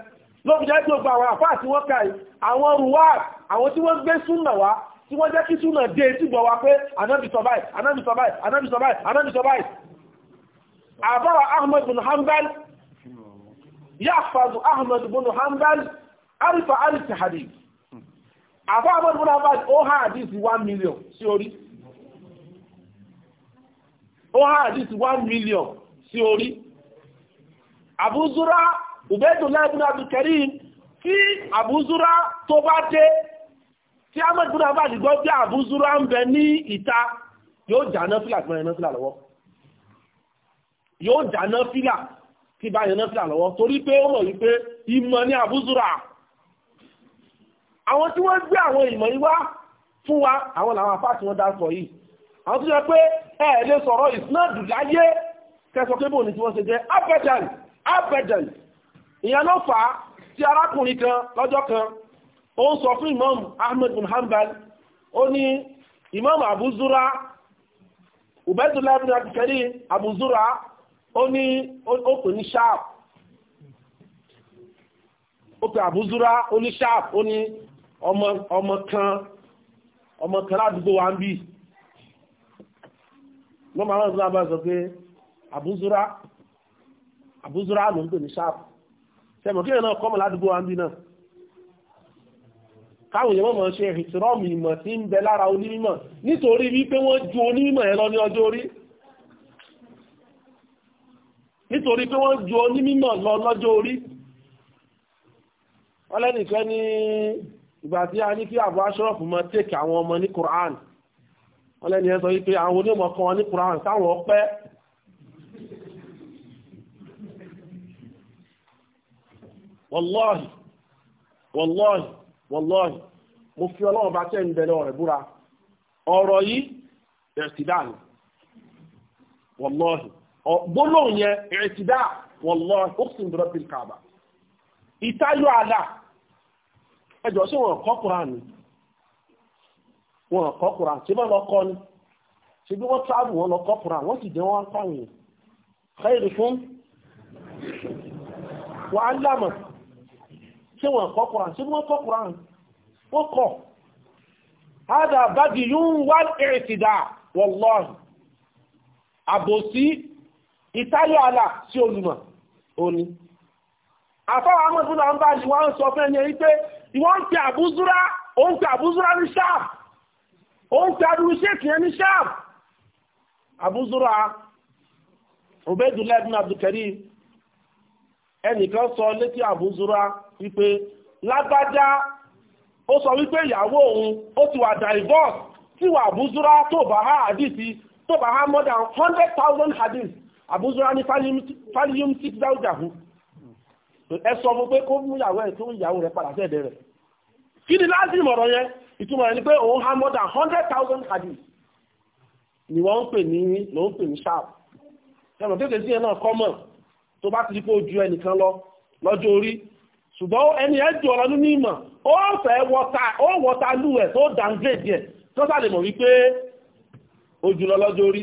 ló fi jẹ́ gbogbo àwọn àfá àti wọ́n kàí àwọn ruwa àwọn tí wọ́n gbé súnà wá tí wọ́n jẹ́ kí súnà dé tí gbọ́ wa pé ànábì sọ báyìí ànábì sọ báyìí ànábì sọ báyìí ànábì sọ báyìí àbáwà Ahmad bin Hanbal yahfaz ahmed bin hanbal arifa alif hadith àbá ahmed bin hanbal ó há hadith one million sí orí ó há hadith one million sí orí àbúzúrá ubaydullah bin abdul karim tí àbúzúrá tó bá dé tí ahmed bin hanbal gbọ́ bí àbúzúrá ń bẹ ní ìta yóò jà náà fílà tí lọ́wọ́ yóò jà náà tí bá yẹn nọ́fìlà lọ́wọ́ torí pé ó mọ̀ wípé ìmọ̀ ní àbúzúrà àwọn tí wọ́n gbé àwọn ìmọ̀ yìí wá fún wa àwọn làwọn apá tí wọ́n dá sọ yìí àwọn tó yẹ pé ẹ ẹ lè sọ̀rọ̀ ìsinádù láyé kẹsàn pé bòun ni tí wọ́n ṣe jẹ́ abedan abedan ìyẹn ló fà á tí arákùnrin kan lọ́jọ́ kan ó ń sọ fún imam ahmed bin ó ní imam abuzura ubaydullah bin abuzura ó ní ó pè ní sharp ó pè àbúzúrá ó ní sharp ó ní ọmọ ọmọ kan ọmọ kan ládùúgbò wa ń bì lọ́mọ àwọn ìṣúná bá sọ pé àbúzúrá àbúzúrá ló ń pè ní sharp tẹmọ̀ kí ẹ̀nà ọkọ́mọ̀ ládùúgbò wa ń bí náà káwọn èèyàn mọ̀ ṣe ìtìrọ́mì ìmọ̀ tí ń bẹ lára onímọ̀ nítorí wípé wọ́n ju onímọ̀ ẹ lọ ní ọjọ́ orí nítorí pé wọ́n ju onímọ̀ lọ lọ́jọ́ orí wọ́n lẹ́nìkan ní ìgbà tí a ní kí àbú aṣọ́rọ̀fù mọ́ tèkì àwọn ọmọ ní Quran wọ́n lẹ́ni ẹ sọ wípé àwọn onímọ̀ kan ní Quran sáwọn ọpẹ́ wọ́lọ́ọ̀hì wọ́lọ́ọ̀hì wọ́lọ́ọ̀hì mo fi ọlọ́run bá tẹ́ ń bẹ̀rẹ̀ ọ̀rẹ́ búra ọ̀rọ̀ yìí ẹ̀sìdáàlì wọ́lọ́ọ̀hì gbólóhùn yẹn ìrètìdá wallahi ọ̀sìn dọ́rọ́ bí kàbà ìtayọ àlà sí wọn wọn kọ lọ ni ṣe bí wọn lọ kọ́ Kùránì wọ́n sì jẹ́ wọn pààyàn xeyìrì fún wọn lámà wọn wá àbòsí ìtayọ̀ ala sí olùmọ̀ òní àfáwọn amọ̀tún náà ń bá ṣe wọ́n sọ fún ẹni pé ìwọ́n ń pe àbúzúrá ó ń pe àbúzúrá ní sáà ó ń pe adúrú ṣèkì yẹn ní sáà àbúzúrá Ubaydullah ibn Abdul ẹnìkan sọ létí divorce tí wà toba tó bá há ha tó bá há more àbúzọ́rá ní fálíyùm sí dáúdà hù ẹ sọ fún pé kó mú ìyàwó ẹ̀ tó ìyàwó rẹ̀ padà sẹ́ẹ̀dẹ̀ rẹ̀ kí ni láti ìmọ̀ràn yẹn ìtumọ̀ ẹni pé òun ha more than hundred thousand hadith ni wọ́n ń pè ní ló ń pè ní sharp ẹ̀rọ kéèké sí yẹn náà kọ́mọ̀ tó bá ti di pé ó ju ẹnìkan lọ lọ́jọ́ orí ṣùgbọ́n ẹni ẹ jù ọ̀rọ̀ nínú ìmọ̀ ó fẹ́ wọta ó wọta lù ẹ̀ tó downgrade yẹ tó sàlẹ̀ mọ̀ wípé ó lọ lọ́jọ́ orí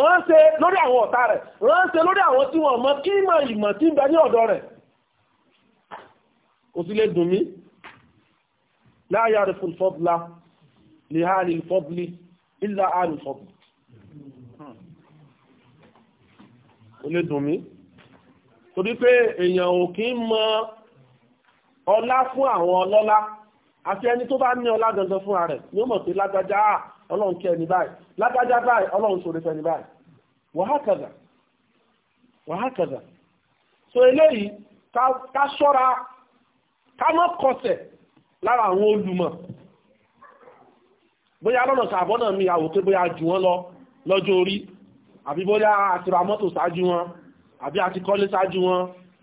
ránṣẹ́ lórí àwọn ọ̀tá rẹ̀ ránṣẹ́ lórí àwọn tí wọ́n mọ̀ kí mọ̀ ìmọ̀ tí ń bẹ ní ọ̀dọ̀ rẹ̀ kò sí lè dùn mí láyà rẹ̀ fún fọ́bùlá lè ha ní fọ́bùlí ilá àrùn fọ́bùlí kò lè dùn mí torí pé èèyàn ò kí mọ̀ ọlá fún àwọn ọlọ́lá àti ẹni tó bá ní ọlá gangan fún ọlọ́run kẹ́ ẹni báyìí lágbájá báyìí ọlọ́run sọ̀rọ̀ fẹ́ ẹni báyìí wàhákàdà wàhákàdà so eléyìí ká ṣọ́ra ká mọ́ kọsẹ̀ lára àwọn olùmọ̀ bóyá lọ́nà sàbọ́nà mi àwò pé bóyá jù wọ́n lọ lọ́jọ́ orí àbí bóyá àti ra mọ́tò ṣáájú wọn àbí àti kọ́lé ṣáájú wọn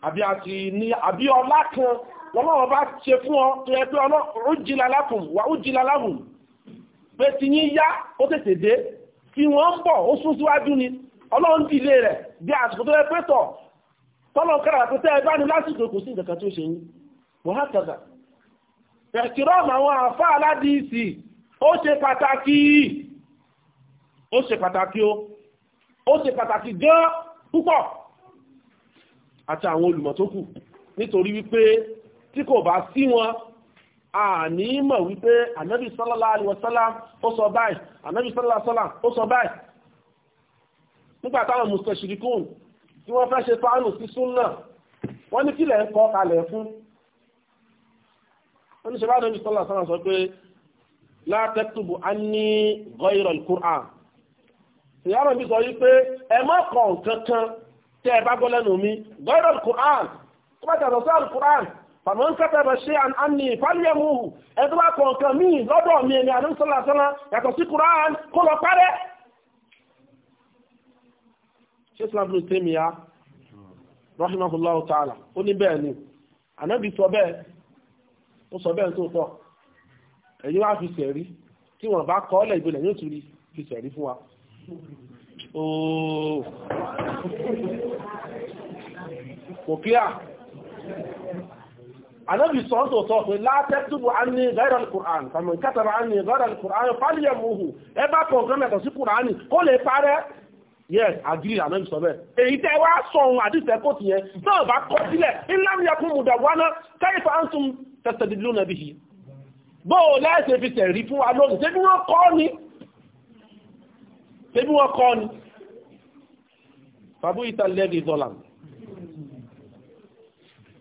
àbí àti ní àbí ọlá kan lọ́mọ́ wọn bá ṣe fún ọ tó yẹ pé ọlọ́ ó jìlá lákùn wà ó jìlá láhùn pé ti yín yá ó tètè dé tí wọ́n ń bọ̀ ó sún síwájú ni ọlọ́run dìlé rẹ̀ bí àsìkò tó yẹ pé tọ̀ tọ́lọ̀ kára pé tẹ́ ẹ bá ní lásìkò kò sí nǹkan tó ṣe yín mọ̀hákàdà ẹ̀kìrọ́mù àwọn àfá aládìísì ó ṣe pàtàkì ó ṣe pàtàkì ó ó ṣe pàtàkì gan púpọ̀ àti àwọn olùmọ̀ tó kù nítorí wípé tí kò bá sí wọn àní mọ̀ wípé ànábì sallallahu alaihi wasallam ó sọ báyìí ànábì sallallahu alaihi wasallam ó sọ báyìí nígbà táwọn mustashirikun tí wọ́n fẹ́ ṣe fáánù sí súnnà wọ́n ní kílẹ̀ ń kọ́ kalẹ̀ fún wọ́n ní ṣe bá ànábì sallallahu alaihi wasallam sọ pé la taktubu anni ghayra al-Qur'an ìyára mi sọ wípé ẹ má kọ nǹkan tẹ́ ẹ bá gbọ́ lẹ́nu mi ghayra al-Qur'an fàmọ́n kẹtẹ̀bẹ̀ ṣe àmì ìfàlẹ́mùhù ẹgbẹ́ kọ̀ọ̀kan míì lọ́dọ̀ mi ẹni àdúnsọ́lásọ́lá yàtọ̀ sí kùrán kó lọ parẹ́ ṣe sàbùrù tèmi ya rahimahullahu ta'ala ó ní bẹ́ẹ̀ ni ànábì sọ bẹ́ẹ̀ ó sọ bẹ́ẹ̀ tó tọ́ èyí wá fi sẹ̀rí tí wọ́n bá kọ́ ọ́lẹ̀ ìgbélẹ̀ yóò tún rí fi sẹ̀rí fún wa kò kíá anábì sọ tó sọ pé látẹ́tùbù ánì gẹ́rẹ̀ alkùrán kàmù kẹtàrà ánì gẹ́rẹ̀ alkùrán fàlíyà mùhù ẹ bá kọ̀ nǹkan mẹ́tọ̀ sí kùránì kó lè parẹ́ yes agree anábì sọ bẹ́ẹ̀ èyí tẹ́ wá sọ ohun àdìsẹ́ kó tiẹ̀ náà bá kọ sílẹ̀ ńlá mi yakun mùdà wánà kẹ́yìfà ń sun tẹ̀sẹ̀ dídúró nàbí yìí bó o láìsẹ̀ fi tẹ̀rí fún wa lónìí tẹ́bí wọ́n kọ́ ni tẹ́bí wọ́n kọ́ ni fàbú ìtàlẹ́bì zọ́làmù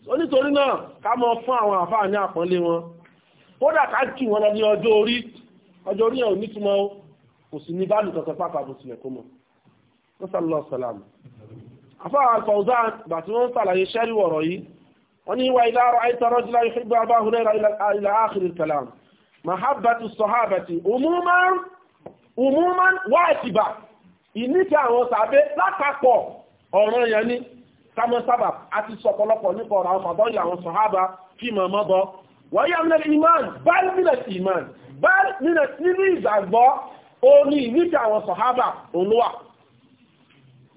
onítorí náà ká mọ fún àwọn àfáà ní àpọ́nlé wọn kódà ká jù wọn lọ ní ọjọ́ orí ọjọ́ orí yẹn ò nítumọ̀ kò sí ní báàlù kankan pàpà bó tilẹ̀ kó mọ̀ lọ́sàlọ́ sàlámù àfáà Al-Fawzan gbà tí wọ́n ń sàlàyé sẹ́rí wọ̀rọ̀ yìí wọ́n ní wà ilá ara àìsàn ni kama sábà àti sọ̀pọ̀lọpọ̀ nípa ọ̀rọ̀ àwọn fàdọ́yà àwọn sọ̀hábà kí mọ̀ mọ́ bọ́ wọ́n yá mílẹ̀ iman báyìí mílẹ̀ iman báyìí mílẹ̀ nínú ìgbàgbọ́ ó ní ìníkẹ́ àwọn sọ̀hábà olúwa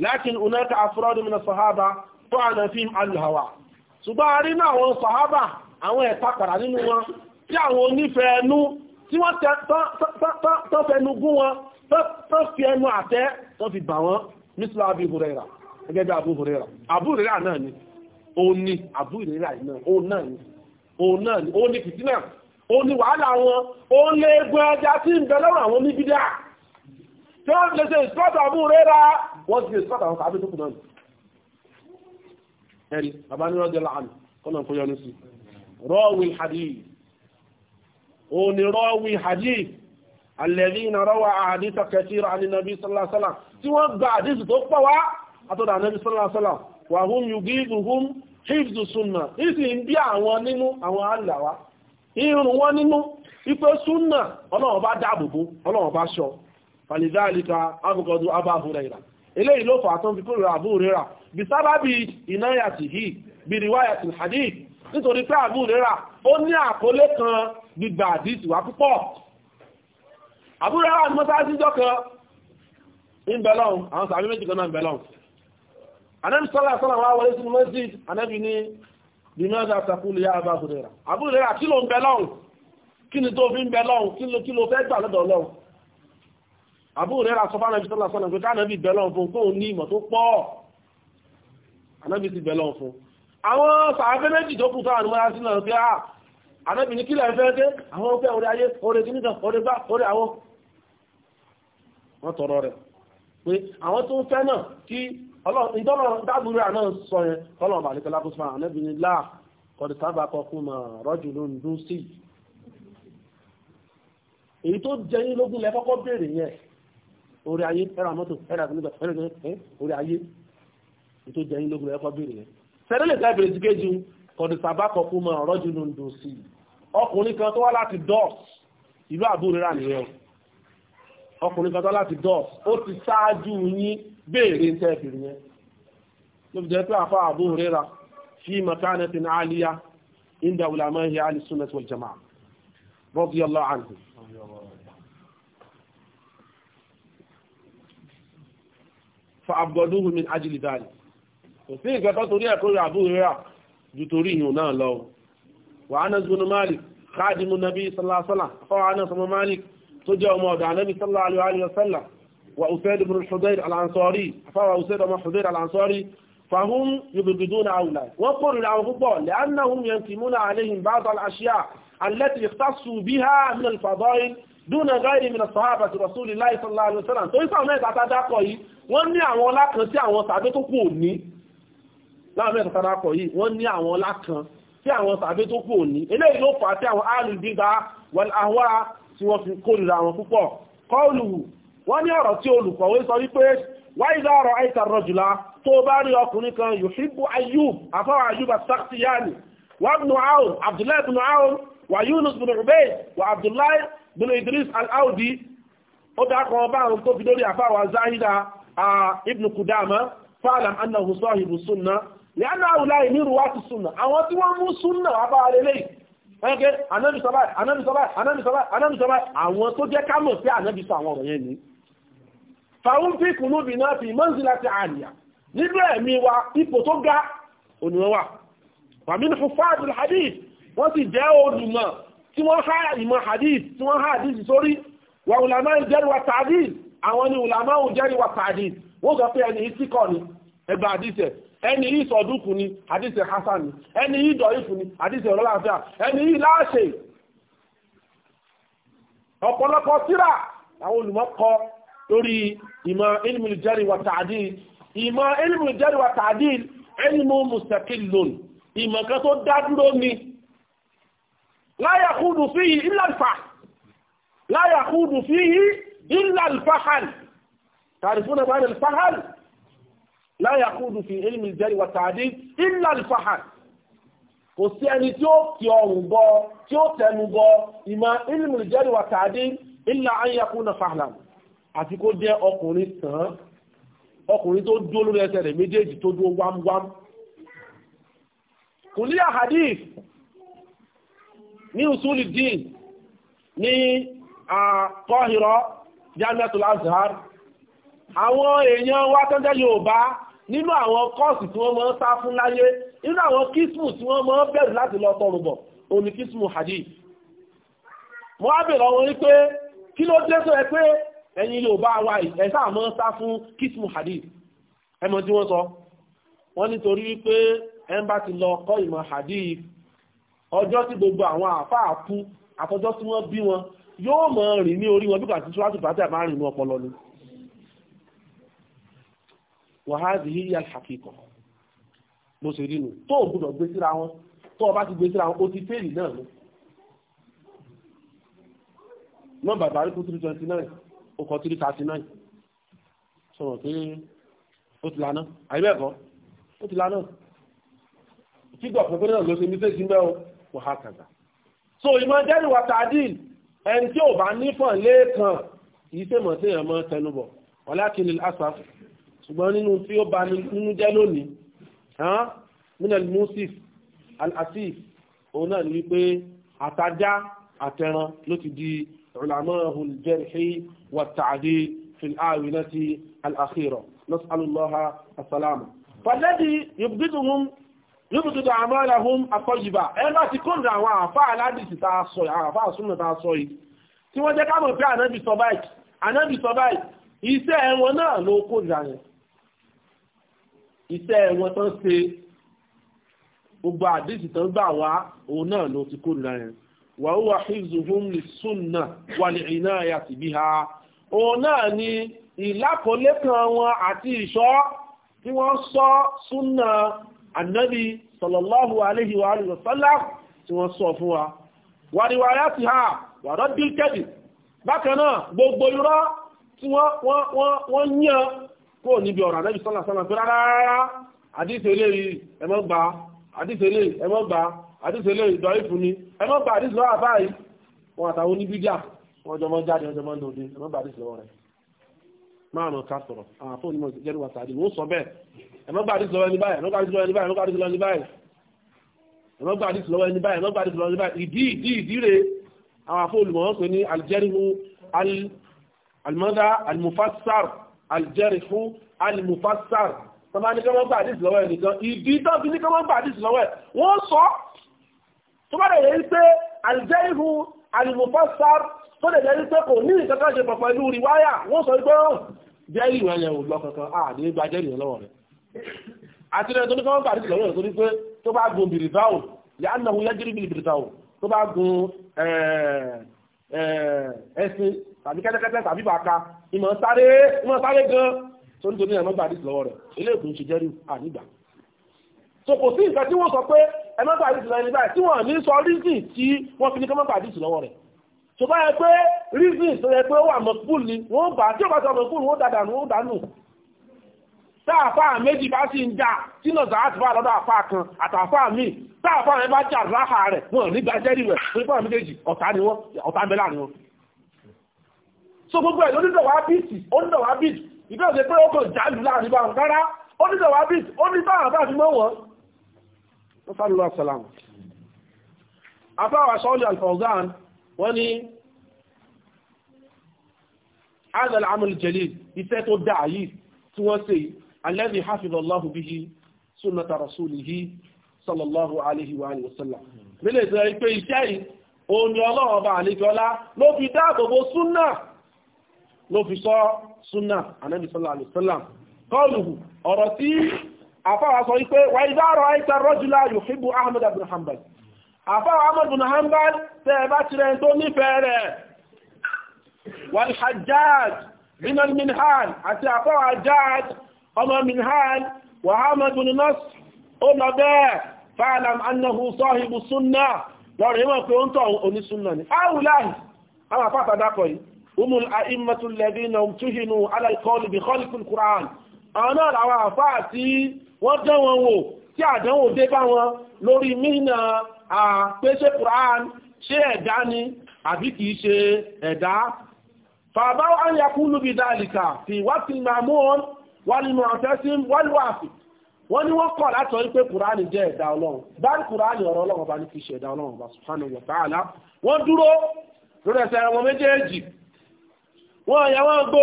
lákin unaka afúrọ́dún mílẹ̀ sọ̀hábà tó àná fi alùhàwà ṣùgbọ́n a rí náà àwọn sọ̀hábà àwọn ẹ̀ta pàrà nínú wọn tí àwọn onífẹ́ ẹnu tí wọ́n tọ́fẹ́nu gún wọn tọ́fẹ́nu àtẹ́ tọ́fi bà gẹ́gẹ́ bí Abu Hurairah Abu Hurairah náà ni ó ní Abu Hurairah náà ó náà ni ó náà ni ó ní fìtínà ó ní wàhálà wọn ó lé egun ẹja sí ń bẹ lọ́rùn àwọn oníbídà tí wọ́n lè ṣe ìsọ́tà Abu Hurairah wọ́n ti lè sọ́tà àwọn kàbí tó kù náà ẹ̀rí bàbá ní rọ́jẹ́ láàánú kọ́nà kó yọnu sí rọ́ọ̀wì hadith ó ní rọ́ọ̀wì hadith tí wọ́n gba àdísì tó pọ̀ wá àtọ́dà Ànábì sallallahu alaihi wasallam wa hum yugizuhum hifzu sunna ìsì ń bí àwọn nínú àwọn àlàwà irun wọn nínú ipé súnà ọlọ́run bá dáàbòbò ọlọ́run bá ṣọ́ falidhalika abúkọdù Abu Hurayra eléyìí ló fà tán fi kúrò Abu Hurayra bí sábàbí inayatihi bí riwayati hadith nítorí Abu Hurayra ó ní àkọlé kan gbígbà àdìsí Abu Hurayra ní mọ́sáájú jọ́ kan ń bẹ̀lọ́n àwọn sàmì méjì kan náà ń bẹ̀lọ́n anabi sọ́lá sọ́lá wà wọlé sí masjid anabi ní bimada takulu ya Abu Huraira Abu Huraira kí ló ń bẹ lọ́hùn kí ni tó fi ń bẹ lọ́hùn Abu Huraira sọ na anabi sọ́lá sọ́lá pé káànabi bẹ lọ́hùn fún kóun ní ìmọ̀ tó pọ̀ anabi ti bẹ lọ́hùn fún àwọn sàáfẹ́ méjì tó kù táwọn mọ́ra sí náà pé anabi ah, ní kílẹ̀ fẹ́ dé àwọn ọgbẹ́ orí ayé orí kìnnìkan orí gbá orí àwọn wọ́n tọrọ rẹ̀ pé àwọn tó ń fẹ́ náà kí ìdọ́nà dábúrà náà sọ yẹn ọlọ́run bàlẹ́ kọlá bùsùn àwọn ẹbí ni láà kọ̀dù sábà kọkún mọ̀ rọ́jù ló ń dún sí èyí tó jẹ yín lógún lẹ kọ́kọ́ béèrè yẹn orí ayé ẹ̀rà mọ́tò ẹ̀rà tó nígbà ẹ̀rà tó ẹ̀ orí ayé èyí tó jẹ yín lógún lẹ kọ́kọ́ béèrè yẹn sẹ́dọ̀ lè sáà bèrè sí kéjì kọ̀dù sábà kọkún mọ̀ rọ́jù ló ń dún sí ọkùnrin kan tó wá láti dọ́ọ̀s ìlú àbúrò rà nìyẹn ọkùnrin kan tó wá láti dọ́ọ̀s ó ti ṣáájú yín بيري انتافرني نبدأ تعفى أبو هريرة في مكانة عالية عند علمائه على السنة والجماعة رضي الله عنه فأبغدوه من أجل ذلك وفي قطة تريد أبو هريرة جتوري هنا لو وأنا زبن مالك خادم النبي صلى الله عليه وسلم وأنا صلى مالك عليه وسلم تجاو موضع النبي صلى الله عليه وسلم وأسيد بن الحضير الأنصاري فهو أسيد بن الحضير الأنصاري فهم يبغضون هؤلاء وقل الأنفضاء لأنهم ينتمون عليهم بعض الأشياء التي اختصوا بها من الفضائل دون غير من الصحابة رسول الله صلى الله عليه وسلم tó ìsá ọ̀nà ìtàtàdákọ̀ yìí wọ́n ní àwọn ọlá kan tí àwọn sàbẹ́ tó kù òní láwọn mẹ́ta tàdákọ̀ yìí wọ́n ní àwọn ọlá kan tí àwọn sàbẹ́ tó kù òní eléyìí ló fà á tí àwọn alùbíbá wal ahwa tí wọ́n fi kórìíra wọn púpọ̀ kọ́ọ̀lù wọ́n ní ọ̀rọ̀ tí olùkọ̀wé sọ wípé wáyídá ọ̀rọ̀ àìsàn rọ̀jùlá tó bá rí ọkùnrin kan yòṣíbù ayub afọ́wà ayub asakhtiyani wabnu aun abdullahi ibn wa yunus ibn ubayd wa abdullahi ibn idris al-audi ó dákọ̀ ọba àwọn tó fi lórí kudama fa'lam annahu sahibu sunna lẹ́nà àwùláì ní ìrùwá ti sunna àwọn tí wọ́n mú sunna wà bá lélẹ́yìí ẹgbẹ́ anábìsọ́bá anábìsọ́bá anábìsọ́bá anábìsọ́bá àwọn tó jẹ́ ká mọ̀ sí anábìsọ́ àwọn ọ̀rọ̀ yẹn ni fàún fi kùnú bì náà fi mọ́nsílá ti àníyà nínú ẹ̀mí wa ipò tó ga òníwọ̀n wà fàmínú fún fáàdùn hadith wọ́n sì jẹ́ olùmọ̀ tí wọ́n há ìmọ̀ hadith tí wọ́n há hadith sórí wà ulama ìjẹ́rì wa tàdíl àwọn ni ulama ìjẹ́rì wa tàdíl wọ́n sọ pé ẹni yìí síkọ̀ ni ẹgbẹ́ hadith ẹni yìí ni hadith hasan ni ẹni yìí ni hadith rọ́láfíà ẹni yìí ọ̀pọ̀lọpọ̀ síra àwọn olùmọ̀ kọ lórí ìmọ̀ ilmul jari wa ta'dil ìmọ̀ ilmul jari wa ta'dil ilmu mustaqillun ìmọ̀ kan tó dá dúró ni la yakhudu fihi illa al-fahl la yakhudu fihi illa al-fahl تعرفون معنى الفحل لا يخوض في علم الجري والتعديل إلا الفحل kò sí ẹni tí ó ti ọrùn bọ tí ó tẹnu bọ ìmọ̀ ilmu ìjẹ́rìí wà tàdí ilà ayakuna fahlan àti kó jẹ́ ọkùnrin sàn ọkùnrin tó dúró lórí ẹsẹ̀ rẹ̀ méjèèjì tó dúró wámwám kò ní àhàdíf ní usuli dín ní àkọ́hìrọ́ jamiatul azhar àwọn èèyàn wa tọ́jẹ́ Yorùbá nínú àwọn kọ́ọ̀sì tí wọ́n máa ń sá fún láyé nínú àwọn kísmù tí wọ́n máa ń bẹ̀rù láti lọ tọrùbọ̀ òní kísmù hadith mo á bèèrè wọn wípé kí ló dé sọ ẹ pé ẹ̀yin ilé òbá wa ẹ̀sà àmọ́ sá fún kismu hadith ẹmọ tí wọ́n sọ wọ́n nítorí wípé ẹn bá ti lọ kọ́ ìmọ̀ hadith ọjọ́ tí gbogbo àwọn àáfàá kú àtọjọ́ tí wọ́n bí wọn yóò mọ̀ rìn ní orí wọn bí kàtí tíwájú bàtà máa rìn ní ọpọlọ ni wàhálì yíyá àkíkọ̀ mo sì rí nù tó o gbúdọ̀ gbé síra wọn tó o bá ti gbé síra wọn o ti fèrè náà ni nọ́mbà bàbá rí kú three twenty nine ó kọ three thirty nine sọ̀rọ̀ pé ó ti lana àyíbẹ̀kọ́ ó ti lana kígbọ̀ pẹ̀pẹ́ náà ló ṣe ní sẹ́sí mẹ́ o kàgbà so ìmọ̀ jẹ́rì wà tàdíl ẹni tí ò bá nífọ̀n lẹ́ẹ̀kan kìí ṣe mọ̀ sí èèyàn mọ́ tẹnubọ̀ walakin lil asaf ṣùgbọ́n nínú tí ó ba nínú jẹ́ lónìí hàn minal علماء الجرح والتعديل في الآونة الأخيرة نسأل الله السلامة فالذي يبغضهم يبغض أعمالهم الطيبة ẹgbà ti kó ìrìn àwọn àfáà aládìsí ta sọ àwọn àfáà súnmọ̀ ta sọ yìí tí wọ́n jẹ́ káàmù pé ànábì sọ báyìí ànábì sọ báyìí iṣẹ́ ẹ̀wọ̀n náà ló kó ìrìn àyẹ̀ iṣẹ́ ẹ̀wọ̀n tán ṣe gbogbo àdìsí tán gbà wá òun náà ló ti kó ìrìn àyẹ̀ wa huwa hifzuhum lis-sunnah wal-inayati biha òun náà ni ìlákọ̀ọ́lé kan wọn àti ìṣọ́ tí wọ́n sọ súnà ànábì sallallahu alayhi wa alihi wa sallam tí wọ́n sọ fún wa wa riwayatiha wa raddil kadhib bákan náà gbogbo irọ́ tí wọ́n yàn kó níbi ọ̀rọ̀ ànábì sallallahu alayhi wa sallam pé rárá àdíṣẹ́lẹ̀ ẹmọ́gbà àdíṣẹ́lẹ̀ ẹmọ́gbà àdíṣe lè ìdọ̀ ìfún ni ẹmọ́ bá àdíṣe lọ́wọ́ àfáà yìí wọn àtàwọn oníbídíà wọn jọmọ jáde wọn jọmọ lòdì ẹmọ́ bá àdíṣe lọ́wọ́ rẹ̀ máa nà ká sọ̀rọ̀ àwọn fóònù mọ̀ jẹ́rù wà sàdé wọ́n sọ bẹ́ẹ̀ ẹmọ́ bá àdíṣe lọ́wọ́ ẹni báyìí ẹmọ́ bá àdíṣe lọ́wọ́ ẹni báyìí ẹmọ́ bá àdíṣe lọ́wọ́ ẹni báyìí ẹmọ́ bá àdíṣe lọ́wọ́ ẹni báyìí ẹmọ́ bá àdíṣe lọ́wọ́ ẹni báyìí ìdí ìdí ìdí rẹ̀ àwọn fóònù mọ̀ wọ́n pè ní aljẹ́rìhù alimọ́dá alimufassar aljẹ́rìhù alimufassar tọ́ba ní kí wọ́n gbà àdíṣe lọ́wọ́ ẹnìkan ìdí tó fi ní kí wọ́n gbà àdíṣe lọ́wọ́ ẹ̀ wọ́n sọ tó bá dẹ̀ yẹ wípé àlìjẹ́rìhù àlìmùfásár tó dẹ̀ yẹ wípé kò ní ìkẹ́kẹ́ ṣe pọ̀ pẹ̀lú rìwáyà wọ́n sọ wípé jẹ́rì rẹ̀ yẹn ò lọ kankan à ní gba jẹ́rì rẹ̀ lọ́wọ́ rẹ̀ àti rẹ̀ tó ní kọ́ńtà àti ìlọ́wọ́ rẹ̀ tó ní pé tó bá gun bìrìdáwò yà á nàwó yá jírí bìrìdáwò tó bá gun ẹṣin tàbí kẹ́tẹ́kẹ́tẹ́ tàbí bàka ìmọ̀ sáré ìmọ̀ sáré gan tó nítorí ẹ̀mọ́ gbà àdìsí lọ́wọ́ rẹ̀ eléèkùn ṣe jẹ́rì ànígbà so kò sí nǹkan tí wọ́n sọ pé ẹ pàdé ìsìlọ ẹni báyìí tí wọ́n ní sọ reason tí wọ́n fi ní kọ́ pàdé ìsìlọ wọn rẹ̀ tó bá yẹ pé reason tó yẹ pé ó wà mọ̀kúùl ni wọ́n bá tí ó bá sọ mọ̀kúùl wọ́n dàdà nù wọ́n dànù táàfà méjì bá sì ń jà tí náà zàá ti bá lọ́dọ̀ àfà kan àtàfà míì táàfà rẹ̀ bá jà ráhà rẹ̀ wọ́n ní gbajẹ́rì rẹ̀ wọ́n fi mọ́ sálùlọ́ sàlámù afáwà sọ́ọ̀lì alfọ̀zán wọ́n ni azal amul jalil iṣẹ́ tó dáa yìí tí wọ́n ṣe alladhi hafidhallahu bihi sunnata rasulihi sallallahu alaihi wa alihi wasallam mílẹ̀ ìṣẹ́ ipé iṣẹ́ yìí òun ni ọlọ́run ọba àlejọ́lá ló fi dáàbòbò súnnà àfáwà sọ wípé wà ìdárọ̀ àìta rọ́jùlá yòfíbù ahmed ibn hanbal àfáwà ahmed ibn hanbal tẹ́ ẹ bá tirẹ̀ tó nífẹ̀ẹ́ rẹ̀ wà al-hajjaj bin al-minhal àti àfáwà hajjaj ọmọ minhal wà ahmed ibn nasr ó lọ bẹ́ẹ̀ fa'lam annahu sahibu sunna lọ́rọ̀ ìmọ̀ pé ó ń tọ̀ wọ́n dán wọn wò tí àdánwò dé bá wọn lórí mínà àpéṣẹ́ Quran ṣé ẹ̀dá ni àbí kìí ṣe ẹ̀dá fàbá àyàkú lùbí dáàlìkà fi wákìlì màmúhàn wálìmọ̀ àfẹ́sìn wálìwàfì wọ́n ní wọ́n kọ̀ látọ̀ wípé kùránì jẹ́ ẹ̀dá ọlọ́run báyìí kùránì ọ̀rọ̀ ọlọ́run bá ní fi ṣẹ̀dá ọlọ́run bá subhanahu wa ta'ala wọ́n dúró lórí ẹsẹ̀ wọn méjèèjì wọ́n yẹ wọ́n gbò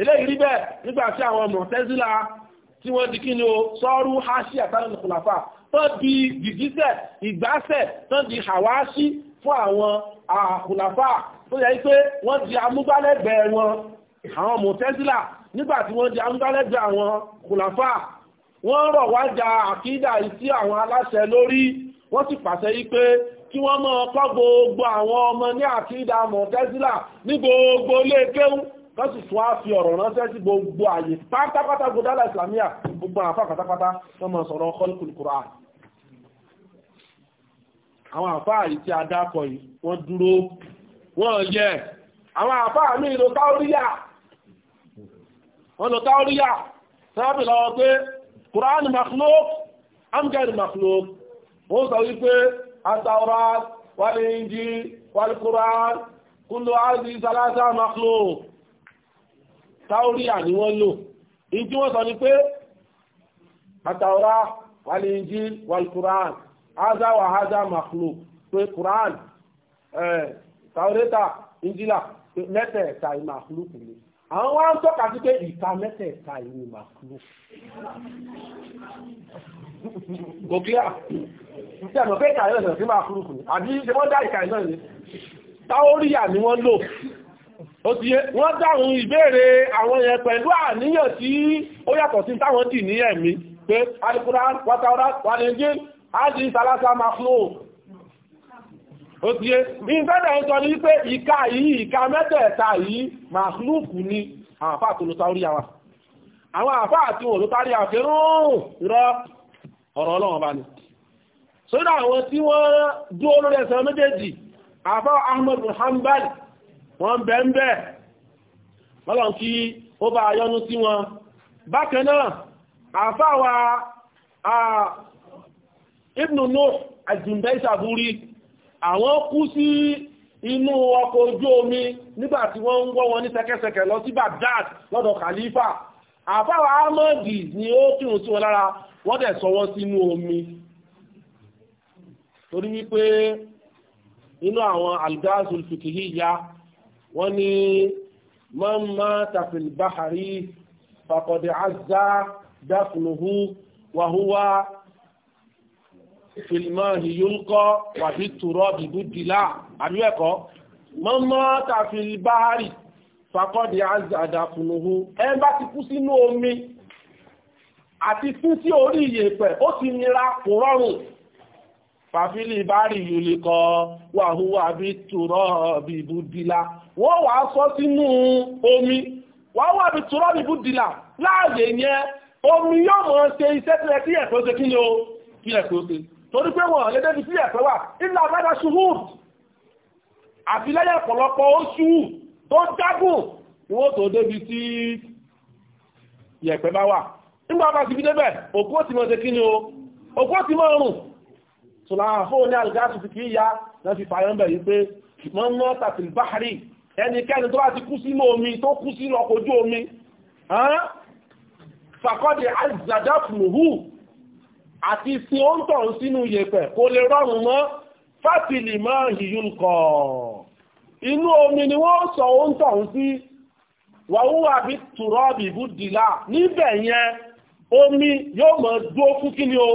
eléyìí rí bẹ́ẹ̀ nígbà tí àwọn mọ̀tẹ́sílà tí wọ́n di kí ni o sọ́rú haṣí àtàlẹ́ ìkùlàfà tán di gìgísẹ̀ ìgbásẹ̀ tán di hàwáṣí fún àwọn àkùlàfà tó yẹ pé wọ́n di amúgbálẹ́gbẹ̀ẹ́ wọn àwọn mọ̀tẹ́sílà nígbà tí wọ́n di amúgbálẹ́gbẹ̀ẹ́ àwọn kùlàfà wọ́n rọ̀ wá ja àkídà sí àwọn aláṣẹ lórí wọ́n sì pàṣẹ yí pé kí wọ́n mọ́ ọkọ́ gbogbo àwọn ọmọ ní àkídà mọ̀tẹ́sílà ní gbogbo ilé kéwú kọ́ sì tún á fi ọ̀rọ̀ ránṣẹ́ sí gbogbo àyè pátápátá gbọdálà ìsìlámíà gbogbo àfà pátápátá wọ́n mọ̀ sọ̀rọ̀ kọ́lùkùlù Kùránì àwọn àfà yìí tí a dákọ̀ yìí wọ́n dúró wọ́n yẹ àwọn àfà mi lọ táóríyà wọ́n lọ táóríyà sábẹ̀ lọ́wọ́ kúlù áàzì sálásá makhluk táóríà ni wọ́n lò èyí tí wọ́n sọ ni pé àtàwọ́rá wàlíńjí wàlùkùrán haza wà haza makhlú pé kùrán tàwọ́rẹ́ta ìjìlá mẹ́tẹ̀ẹ̀ta ìmàkúlù kù ni àwọn wá ń tọ́ka sí pé ìta mẹ́tẹ̀ẹ̀ta ìwé màkúrò tí a mọ̀ pé ìkàyẹ̀ ọ̀sẹ̀ sí màkúrò kù ní àbí ṣe dá ìkàyẹ̀ náà ní táóríyà ni wọ́n lò ó ti yé wọ́n dáhùn ìbéèrè àwọn yẹn pẹ̀lú àníyàn tí ó yàtọ̀ sí táwọn dì ní ẹ̀mí pé alikura wàtàwọ́rá wàlẹ́jẹ́ ájì sàlásà máa fún ò ó ti yé ìfẹ́dẹ̀ ń sọ ní pé ìka yìí ìka mẹ́tẹ̀ẹ̀ta yìí máa lùkù ní àwọn àfáà tó ló sáórí àwà àwọn àfáà tí wọ́n ló tárí àfẹ́rún rọ ọ̀rọ̀ ọlọ́run bá ní sódà àwọn tí wọ́n dúó lórí ẹsẹ̀ méjèèjì àfáà Ahmad bin wọ́n bẹ̀ẹ̀bẹ̀ mọ́lọ̀ kí ó bá yọ́nú sí wọn bákan náà àfáwà Ibn Nuh àjùmbẹ́sàbúrí àwọn kú sí inú ọkọ̀ ojú omi nígbàtí wọ́n ń wọ́ wọn ní sẹ́kẹ́sẹ́kẹ́ lọ sí Baghdad lọ́dọ̀ Khalifa àfáwà Ahmadi ni ó kírun sí wọn lára wọ́n dẹ̀ sọ wọ́n sínú omi torí wípé inú àwọn algazul fikihi ya wọ́n ní man mata fil bahari faqad azza dafnuhu wa huwa fil mahi yulqa wa bit turabi budila àbí ẹ̀kọ́ man mata fil bá ti kú sínú omi àti fún sí orí ìyẹ̀pẹ̀ ó ti nira kò rọrùn fàfílì bárì yìí kọ wàhúwà bí tùrọ̀ bìbú dìlà wọ́n wàá sọ sínú omi wàhúwà bí tùrọ̀ bìbú dìlà láàyè yẹn omi yóò mọ̀ ṣe iṣẹ́ tilẹ̀ ẹ̀kọ́ ṣe kí ni o kí ẹ̀kọ́ ṣe torí pé wọ́n lè débi sí ẹ̀fẹ́ wà ilẹ̀ àbádá ṣubú àti lẹ́yìn ọ̀pọ̀lọpọ̀ oṣù tó dágùn ni wọ́n tó débi sí ẹ̀fẹ́ bá wà nígbà bá ti fi débẹ̀ òkú ó ti mọ̀ ṣe kí ni o òkú ó ti mọ̀ rùn so láwọn fóò ní algáàsù ti kìí ya náà fi fàyọ́ bẹ̀ yìí pé wọ́n ń lọ́ta báhárì ẹnikẹ́ni tó bá ti kú sínú omi tó kú sínú ọkọ̀ omi fàkọ́dì azàdáfùlùhù àti sin oúntọ̀ sínú yẹ̀pẹ̀ kò lè rọrùn mọ́ fásilì mọ́ ìyúnkọ̀ inú omi ni wọ́n sọ oúntọ̀ sí wàhúwà bí tùrọ́bì búdìlá níbẹ̀ yẹn omi yóò mọ̀ dúó fún kí ni o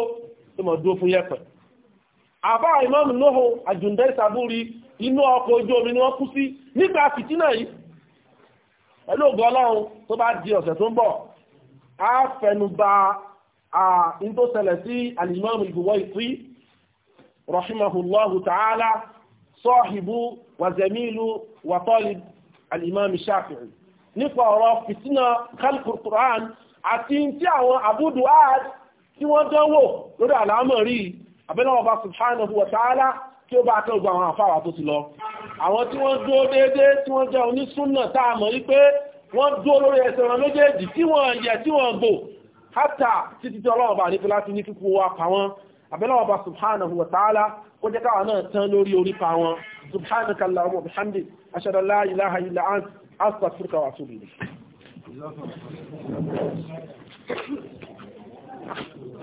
yóò mọ̀ dúó fún yẹ̀pẹ̀ àbá imam noho àjùndẹ́ ìsàbúrí inú ọkọ̀ ojú omi ni wọ́n kú sí nígbà fìtínà yìí pẹ̀lú ògùn ọlọ́run tó bá di ọ̀sẹ̀ tó ń bọ̀ á fẹnuba ààrín tó ṣẹlẹ̀ sí alimam al-Buwayti rahimahullahu ta'ala sọ́ọ̀hìbú wàzẹ̀mílù wàtọ́lib alimam àbẹ́lọ́wọ́ bá subhanahu wa ta'ala tí ó bá akẹ́gbà àwọn àfáwà tó ti lọ àwọn tí wọ́n dúró déédéé tí wọ́n jẹ́ onísúnnà táàmọ̀ wípé wọ́n dúró lórí ẹsẹ̀ wọn méjèèjì tí wọ́n yẹ tí wọ́n gbò hátà títí tí ọlọ́wọ́ bá nípe